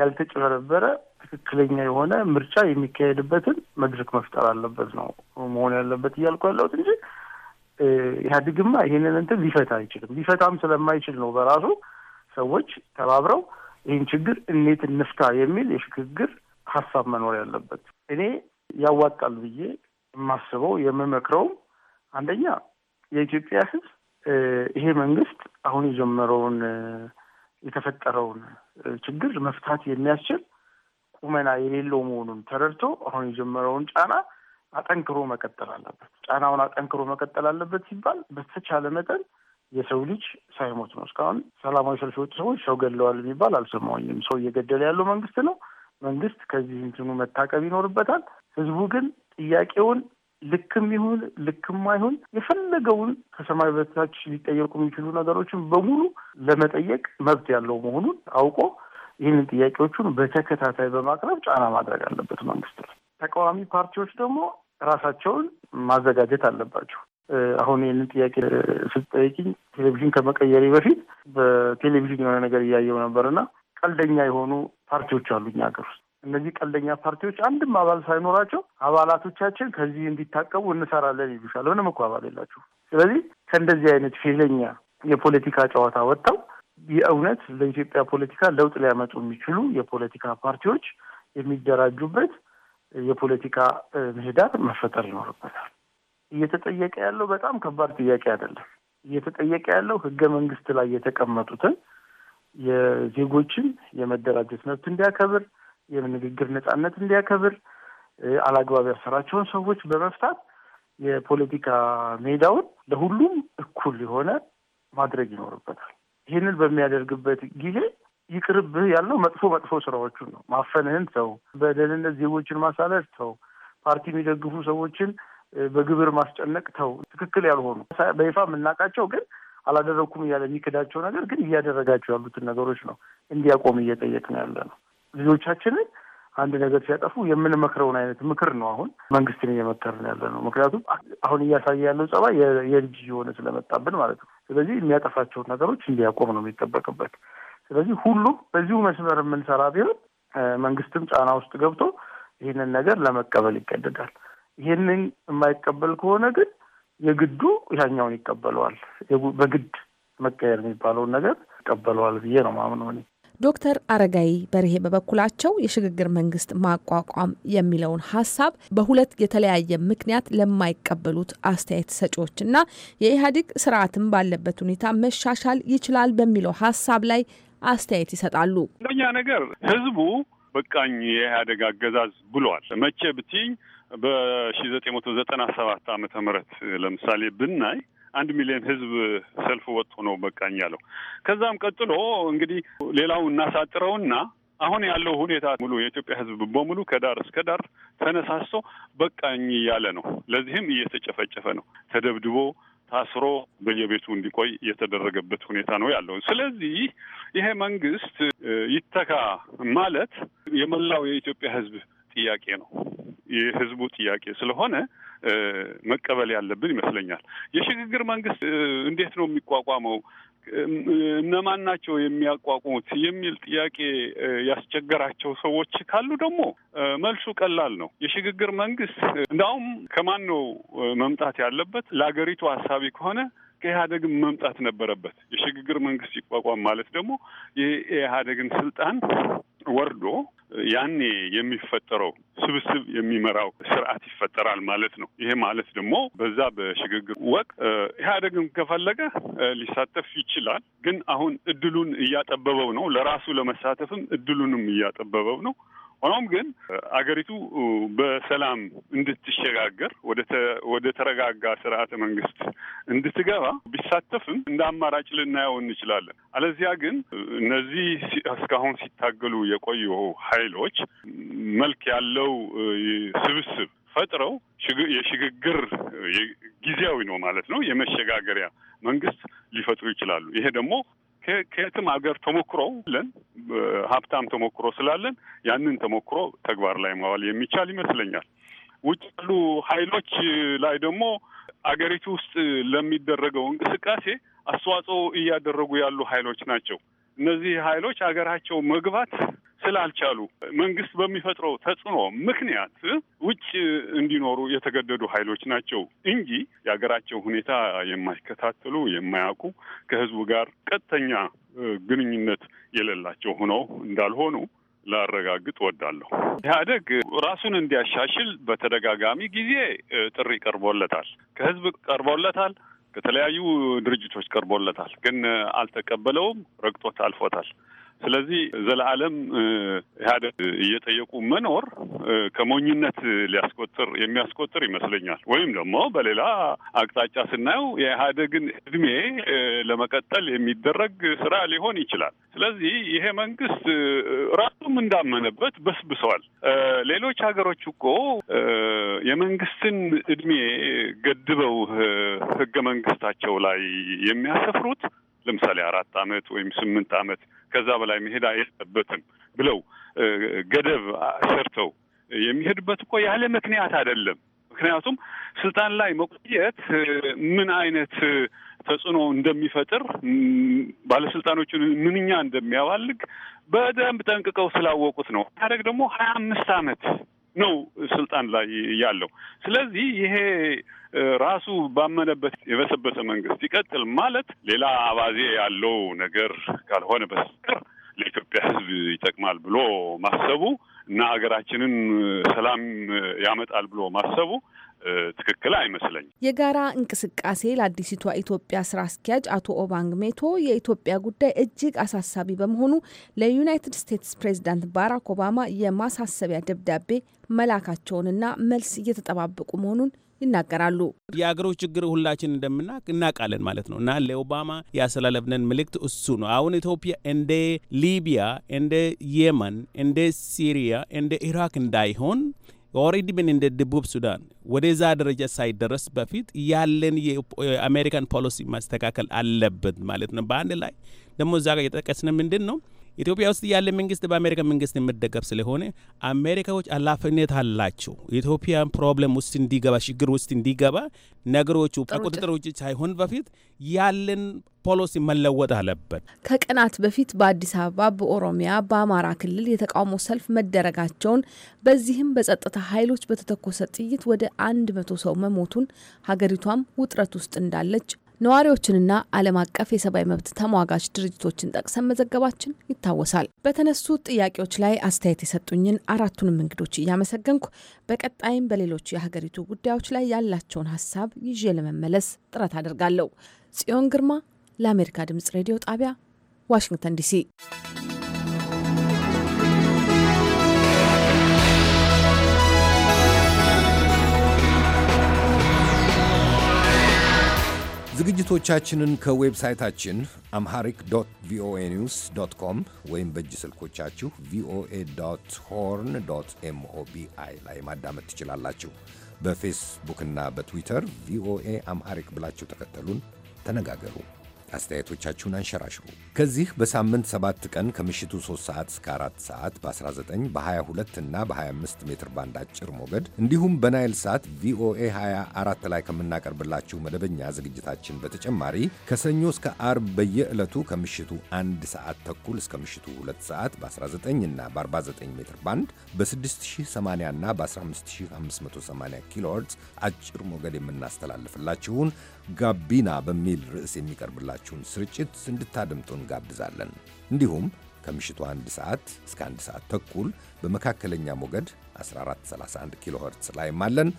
ያልተጭበረበረ ትክክለኛ የሆነ ምርጫ የሚካሄድበትን መድረክ መፍጠር አለበት ነው መሆን ያለበት እያልኩ ያለሁት እንጂ ኢህአዴግማ ይሄንን እንትን ሊፈታ አይችልም። ሊፈታም ስለማይችል ነው በራሱ ሰዎች ተባብረው ይህን ችግር እንዴት እንፍታ የሚል የሽግግር ሀሳብ መኖር ያለበት። እኔ ያዋጣል ብዬ የማስበው የምመክረውም አንደኛ የኢትዮጵያ ሕዝብ ይሄ መንግስት አሁን የጀመረውን የተፈጠረውን ችግር መፍታት የሚያስችል ቁመና የሌለው መሆኑን ተረድቶ አሁን የጀመረውን ጫና አጠንክሮ መቀጠል አለበት። ጫናውን አጠንክሮ መቀጠል አለበት ሲባል በተቻለ መጠን የሰው ልጅ ሳይሞት ነው። እስካሁን ሰላማዊ ሰልፍ የወጡ ሰዎች ሰው ገለዋል የሚባል አልሰማሁኝም። ሰው እየገደለ ያለው መንግስት ነው። መንግስት ከዚህ እንትኑ መታቀብ ይኖርበታል። ህዝቡ ግን ጥያቄውን ልክም ይሁን ልክም አይሁን የፈለገውን ከሰማይ በታች ሊጠየቁ የሚችሉ ነገሮችን በሙሉ ለመጠየቅ መብት ያለው መሆኑን አውቆ ይህንን ጥያቄዎቹን በተከታታይ በማቅረብ ጫና ማድረግ አለበት መንግስት ላይ። ተቃዋሚ ፓርቲዎች ደግሞ ራሳቸውን ማዘጋጀት አለባቸው። አሁን ይህንን ጥያቄ ስትጠይቅኝ ቴሌቪዥን ከመቀየሬ በፊት በቴሌቪዥን የሆነ ነገር እያየው ነበርና ቀልደኛ የሆኑ ፓርቲዎች አሉ እኛ ሀገር ውስጥ። እነዚህ ቀልደኛ ፓርቲዎች አንድም አባል ሳይኖራቸው አባላቶቻችን ከዚህ እንዲታቀቡ እንሰራለን ይሉሻል። ምንም እኮ አባል የላችሁ። ስለዚህ ከእንደዚህ አይነት ፌዘኛ የፖለቲካ ጨዋታ ወጥተው የእውነት ለኢትዮጵያ ፖለቲካ ለውጥ ሊያመጡ የሚችሉ የፖለቲካ ፓርቲዎች የሚደራጁበት የፖለቲካ ምህዳር መፈጠር ይኖርበታል። እየተጠየቀ ያለው በጣም ከባድ ጥያቄ አይደለም። እየተጠየቀ ያለው ህገ መንግስት ላይ የተቀመጡትን የዜጎችን የመደራጀት መብት እንዲያከብር፣ የንግግር ነጻነት እንዲያከብር፣ አላግባብ ያሰራቸውን ሰዎች በመፍታት የፖለቲካ ሜዳውን ለሁሉም እኩል የሆነ ማድረግ ይኖርበታል። ይህንን በሚያደርግበት ጊዜ ይቅርብህ ያለው መጥፎ መጥፎ ስራዎቹን ነው። ማፈንህን ተው፣ በደህንነት ዜጎችን ማሳለፍ ተው፣ ፓርቲ የሚደግፉ ሰዎችን በግብር ማስጨነቅ ተው። ትክክል ያልሆኑ በይፋ የምናውቃቸው ግን አላደረግኩም እያለ የሚክዳቸው ነገር ግን እያደረጋቸው ያሉትን ነገሮች ነው እንዲያቆም እየጠየቅ ነው ያለ ነው። ልጆቻችንን አንድ ነገር ሲያጠፉ የምንመክረውን አይነት ምክር ነው አሁን መንግስትን እየመከርን ያለ ነው። ምክንያቱም አሁን እያሳየ ያለው ጸባይ የልጅ የሆነ ስለመጣብን ማለት ነው። ስለዚህ የሚያጠፋቸውን ነገሮች እንዲያቆም ነው የሚጠበቅበት። ስለዚህ ሁሉም በዚሁ መስመር የምንሰራ ቢሆን መንግስትም ጫና ውስጥ ገብቶ ይህንን ነገር ለመቀበል ይገደዳል። ይህንን የማይቀበል ከሆነ ግን የግዱ ያኛውን ይቀበለዋል። በግድ መቀየር የሚባለውን ነገር ይቀበለዋል ብዬ ነው ማምነው እኔ። ዶክተር አረጋይ በርሄ በበኩላቸው የሽግግር መንግስት ማቋቋም የሚለውን ሀሳብ በሁለት የተለያየ ምክንያት ለማይቀበሉት አስተያየት ሰጪዎች እና የኢህአዴግ ስርዓትም ባለበት ሁኔታ መሻሻል ይችላል በሚለው ሀሳብ ላይ አስተያየት ይሰጣሉ። አንደኛ ነገር ህዝቡ በቃኝ የኢህአዴግ አገዛዝ ብሏል። መቼ ብትኝ በሺ ዘጠኝ መቶ ዘጠና ሰባት ዓመተ ምህረት ለምሳሌ ብናይ አንድ ሚሊዮን ህዝብ ሰልፍ ወጥቶ ነው በቃኝ ያለው። ከዛም ቀጥሎ እንግዲህ ሌላው እናሳጥረውና አሁን ያለው ሁኔታ ሙሉ የኢትዮጵያ ህዝብ በሙሉ ከዳር እስከ ዳር ተነሳስቶ በቃኝ እያለ ነው። ለዚህም እየተጨፈጨፈ ነው፣ ተደብድቦ ታስሮ በየቤቱ እንዲቆይ የተደረገበት ሁኔታ ነው ያለው። ስለዚህ ይሄ መንግስት ይተካ ማለት የመላው የኢትዮጵያ ሕዝብ ጥያቄ ነው። የህዝቡ ጥያቄ ስለሆነ መቀበል ያለብን ይመስለኛል። የሽግግር መንግስት እንዴት ነው የሚቋቋመው? እነማን ናቸው የሚያቋቁሙት የሚል ጥያቄ ያስቸገራቸው ሰዎች ካሉ ደግሞ መልሱ ቀላል ነው። የሽግግር መንግስት እንዳውም ከማን ነው መምጣት ያለበት? ለሀገሪቱ ሀሳቢ ከሆነ ከኢህአደግም መምጣት ነበረበት። የሽግግር መንግስት ይቋቋም ማለት ደግሞ የኢህአደግን ስልጣን ወርዶ ያኔ የሚፈጠረው ስብስብ የሚመራው ስርዓት ይፈጠራል ማለት ነው። ይሄ ማለት ደግሞ በዛ በሽግግር ወቅት ኢህአዴግም ከፈለገ ሊሳተፍ ይችላል። ግን አሁን እድሉን እያጠበበው ነው። ለራሱ ለመሳተፍም እድሉንም እያጠበበው ነው። ሆኖም ግን አገሪቱ በሰላም እንድትሸጋገር ወደ ተረጋጋ ስርዓተ መንግስት እንድትገባ ቢሳተፍም እንደ አማራጭ ልናየው እንችላለን። አለዚያ ግን እነዚህ እስካሁን ሲታገሉ የቆዩ ኃይሎች መልክ ያለው ስብስብ ፈጥረው የሽግግር ጊዜያዊ ነው ማለት ነው የመሸጋገሪያ መንግስት ሊፈጥሩ ይችላሉ። ይሄ ደግሞ ከየትም ሀገር ተሞክሮ ለን ሀብታም ተሞክሮ ስላለን ያንን ተሞክሮ ተግባር ላይ ማዋል የሚቻል ይመስለኛል። ውጭ ያሉ ኃይሎች ላይ ደግሞ አገሪቱ ውስጥ ለሚደረገው እንቅስቃሴ አስተዋጽኦ እያደረጉ ያሉ ኃይሎች ናቸው። እነዚህ ኃይሎች አገራቸው መግባት ስላልቻሉ መንግስት በሚፈጥረው ተጽዕኖ ምክንያት ውጭ እንዲኖሩ የተገደዱ ኃይሎች ናቸው እንጂ የሀገራቸው ሁኔታ የማይከታተሉ የማያውቁ ከህዝቡ ጋር ቀጥተኛ ግንኙነት የሌላቸው ሆነው እንዳልሆኑ ላረጋግጥ ወዳለሁ። ኢህአደግ ራሱን እንዲያሻሽል በተደጋጋሚ ጊዜ ጥሪ ቀርቦለታል፣ ከህዝብ ቀርቦለታል፣ ከተለያዩ ድርጅቶች ቀርቦለታል፣ ግን አልተቀበለውም። ረግጦት አልፎታል። ስለዚህ ዘለዓለም ኢህአዴግ እየጠየቁ መኖር ከሞኝነት ሊያስቆጥር የሚያስቆጥር ይመስለኛል። ወይም ደግሞ በሌላ አቅጣጫ ስናየው የኢህአዴግን እድሜ ለመቀጠል የሚደረግ ስራ ሊሆን ይችላል። ስለዚህ ይሄ መንግስት ራሱም እንዳመነበት በስብሰዋል። ሌሎች ሀገሮች እኮ የመንግስትን እድሜ ገድበው ህገ መንግስታቸው ላይ የሚያሰፍሩት ለምሳሌ አራት አመት ወይም ስምንት ዓመት ከዛ በላይ መሄድ አይጠበትም ብለው ገደብ ሰርተው የሚሄድበት እኮ ያለ ምክንያት አይደለም። ምክንያቱም ስልጣን ላይ መቆየት ምን አይነት ተጽዕኖ እንደሚፈጥር ባለስልጣኖችን ምንኛ እንደሚያባልግ በደንብ ጠንቅቀው ስላወቁት ነው። ኢህአዴግ ደግሞ ሀያ አምስት አመት ነው ስልጣን ላይ ያለው። ስለዚህ ይሄ ራሱ ባመነበት የበሰበሰ መንግስት ይቀጥል ማለት ሌላ አባዜ ያለው ነገር ካልሆነ በስተቀር ለኢትዮጵያ ሕዝብ ይጠቅማል ብሎ ማሰቡ እና ሀገራችንን ሰላም ያመጣል ብሎ ማሰቡ ትክክል አይመስለኝም። የጋራ እንቅስቃሴ ለአዲሲቷ ኢትዮጵያ ስራ አስኪያጅ አቶ ኦባንግ ሜቶ የኢትዮጵያ ጉዳይ እጅግ አሳሳቢ በመሆኑ ለዩናይትድ ስቴትስ ፕሬዚዳንት ባራክ ኦባማ የማሳሰቢያ ደብዳቤ መላካቸውንና መልስ እየተጠባበቁ መሆኑን ይናገራሉ። የአገሮች ችግር ሁላችን እንደምናቅ እናቃለን ማለት ነው እና ለኦባማ ያስተላለፍነን ምልክት እሱ ነው። አሁን ኢትዮጵያ እንደ ሊቢያ፣ እንደ የመን፣ እንደ ሲሪያ፣ እንደ ኢራክ እንዳይሆን ኦሬዲ ምን እንደ ደቡብ ሱዳን ወደዛ ደረጃ ሳይደረስ በፊት ያለን የአሜሪካን ፖሊሲ ማስተካከል አለበት ማለት ነው። በአንድ ላይ ደግሞ እዛ ጋር የጠቀስን ምንድን ነው ኢትዮጵያ ውስጥ ያለ መንግስት በአሜሪካ መንግስት የምደገፍ ስለሆነ አሜሪካዎች አላፍነት አላቸው። ኢትዮጵያን ፕሮብለም ውስጥ እንዲገባ ችግር ውስጥ እንዲገባ ነገሮቹ ቁጥጥሮች ሳይሆን በፊት ያለን ፖሊሲ መለወጥ አለበት። ከቀናት በፊት በአዲስ አበባ፣ በኦሮሚያ፣ በአማራ ክልል የተቃውሞ ሰልፍ መደረጋቸውን በዚህም በጸጥታ ኃይሎች በተተኮሰ ጥይት ወደ አንድ መቶ ሰው መሞቱን ሀገሪቷም ውጥረት ውስጥ እንዳለች ነዋሪዎችንና ዓለም አቀፍ የሰብአዊ መብት ተሟጋች ድርጅቶችን ጠቅሰን መዘገባችን ይታወሳል። በተነሱ ጥያቄዎች ላይ አስተያየት የሰጡኝን አራቱንም እንግዶች እያመሰገንኩ በቀጣይም በሌሎች የሀገሪቱ ጉዳዮች ላይ ያላቸውን ሀሳብ ይዤ ለመመለስ ጥረት አድርጋለሁ። ጽዮን ግርማ ለአሜሪካ ድምጽ ሬዲዮ ጣቢያ ዋሽንግተን ዲሲ ዝግጅቶቻችንን ከዌብሳይታችን አምሃሪክ ዶት ቪኦኤ ኒውስ ዶት ኮም ወይም በእጅ ስልኮቻችሁ ቪኦኤ ዶት ሆርን ዶት ኤምኦቢአይ ላይ ማዳመጥ ትችላላችሁ። በፌስቡክና በትዊተር ቪኦኤ አምሃሪክ ብላችሁ ተከተሉን፣ ተነጋገሩ። አስተያየቶቻችሁን አንሸራሽሩ። ከዚህ በሳምንት 7 ቀን ከምሽቱ 3 ሰዓት እስከ 4 ሰዓት በ19 በ22 እና በ25 ሜትር ባንድ አጭር ሞገድ እንዲሁም በናይል ሳት ቪኦኤ 24 ላይ ከምናቀርብላችሁ መደበኛ ዝግጅታችን በተጨማሪ ከሰኞ እስከ አርብ በየዕለቱ ከምሽቱ 1 ሰዓት ተኩል እስከ ምሽቱ 2 ሰዓት በ19 እና በ49 ሜትር ባንድ በ6080 እና በ15580 ኪሎ አጭር ሞገድ የምናስተላልፍላችሁን ጋቢና በሚል ርዕስ የሚቀርብላችሁን ስርጭት እንድታደምጡ እንጋብዛለን። እንዲሁም ከምሽቱ አንድ ሰዓት እስከ አንድ ሰዓት ተኩል በመካከለኛ ሞገድ 1431 ኪሎ ኸርትዝ ላይ ማለን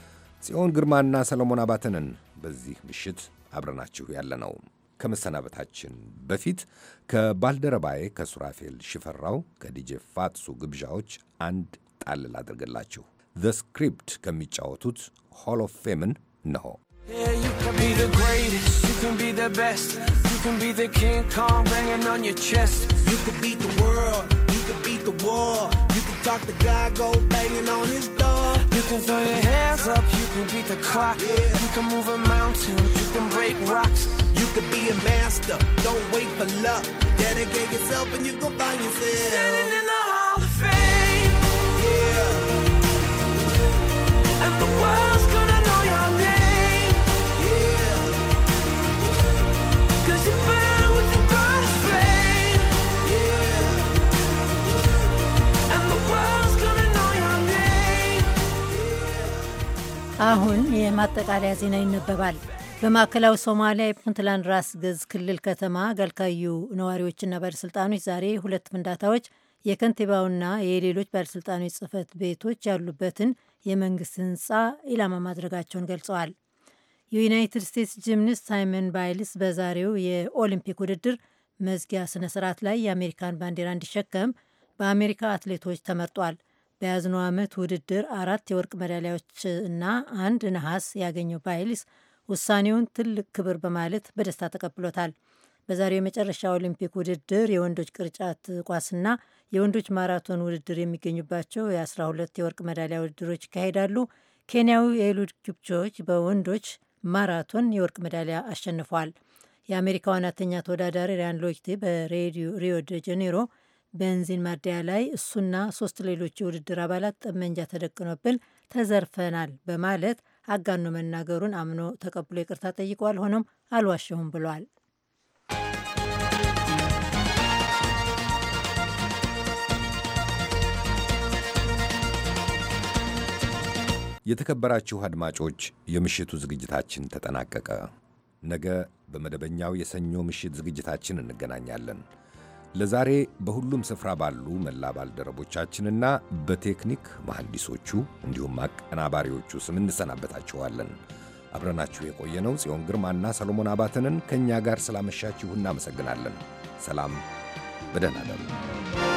ጽዮን ግርማና ሰለሞን አባተንን በዚህ ምሽት አብረናችሁ ያለ ነው። ከመሰናበታችን በፊት ከባልደረባዬ ከሱራፌል ሽፈራው ከዲጄ ፋጥሱ ግብዣዎች አንድ ጣልል አድርግላችሁ። ዘ ስክሪፕት ከሚጫወቱት ሆል ኦፍ ፌምን ነው። Yeah, you can be the greatest, you can be the best, you can be the King Kong banging on your chest. You can beat the world, you can beat the war, you can talk to God, go banging on his door. You can throw your hands up, you can beat the clock, yeah. you can move a mountain, you can break rocks. You can be a master, don't wait for luck. Dedicate yourself and you can find yourself. Standing in the Hall of Fame. Yeah. And the world's አሁን የማጠቃለያ ዜና ይነበባል። በማዕከላዊ ሶማሊያ የፑንትላንድ ራስ ገዝ ክልል ከተማ ገልካዩ ነዋሪዎችና ባለሥልጣኖች ዛሬ ሁለት ፍንዳታዎች የከንቲባውና የሌሎች ባለሥልጣኖች ጽህፈት ቤቶች ያሉበትን የመንግስት ህንፃ ኢላማ ማድረጋቸውን ገልጸዋል። የዩናይትድ ስቴትስ ጂምናስት ሳይመን ባይልስ በዛሬው የኦሊምፒክ ውድድር መዝጊያ ስነ ስርዓት ላይ የአሜሪካን ባንዲራ እንዲሸከም በአሜሪካ አትሌቶች ተመርጧል። በያዝነው ዓመት ውድድር አራት የወርቅ ሜዳሊያዎች እና አንድ ነሐስ ያገኘው ባይልስ ውሳኔውን ትልቅ ክብር በማለት በደስታ ተቀብሎታል። በዛሬው የመጨረሻ ኦሊምፒክ ውድድር የወንዶች ቅርጫት ኳስና የወንዶች ማራቶን ውድድር የሚገኙባቸው የ12 የወርቅ ሜዳሊያ ውድድሮች ይካሄዳሉ። ኬንያዊ ኤሉድ ኪፕቾች በወንዶች ማራቶን የወርቅ ሜዳሊያ አሸንፏል። የአሜሪካ ዋናተኛ ተወዳዳሪ ሪያን በሬዲዮ ሪዮ ደ ጀኔሮ ቤንዚን ማደያ ላይ እሱና ሶስት ሌሎች የውድድር አባላት ጠመንጃ ተደቅኖብን ተዘርፈናል በማለት አጋኖ መናገሩን አምኖ ተቀብሎ ይቅርታ ጠይቋል። ሆኖም አልዋሸሁም ብሏል። የተከበራችሁ አድማጮች፣ የምሽቱ ዝግጅታችን ተጠናቀቀ። ነገ በመደበኛው የሰኞ ምሽት ዝግጅታችን እንገናኛለን። ለዛሬ በሁሉም ስፍራ ባሉ መላ ባልደረቦቻችንና በቴክኒክ መሐንዲሶቹ እንዲሁም አቀናባሪዎቹ ስም እንሰናበታችኋለን። አብረናችሁ የቆየነው ጽዮን ግርማና ሰሎሞን አባተንን ከእኛ ጋር ስላመሻችሁ እናመሰግናለን። ሰላም፣ በደህና እደሩ።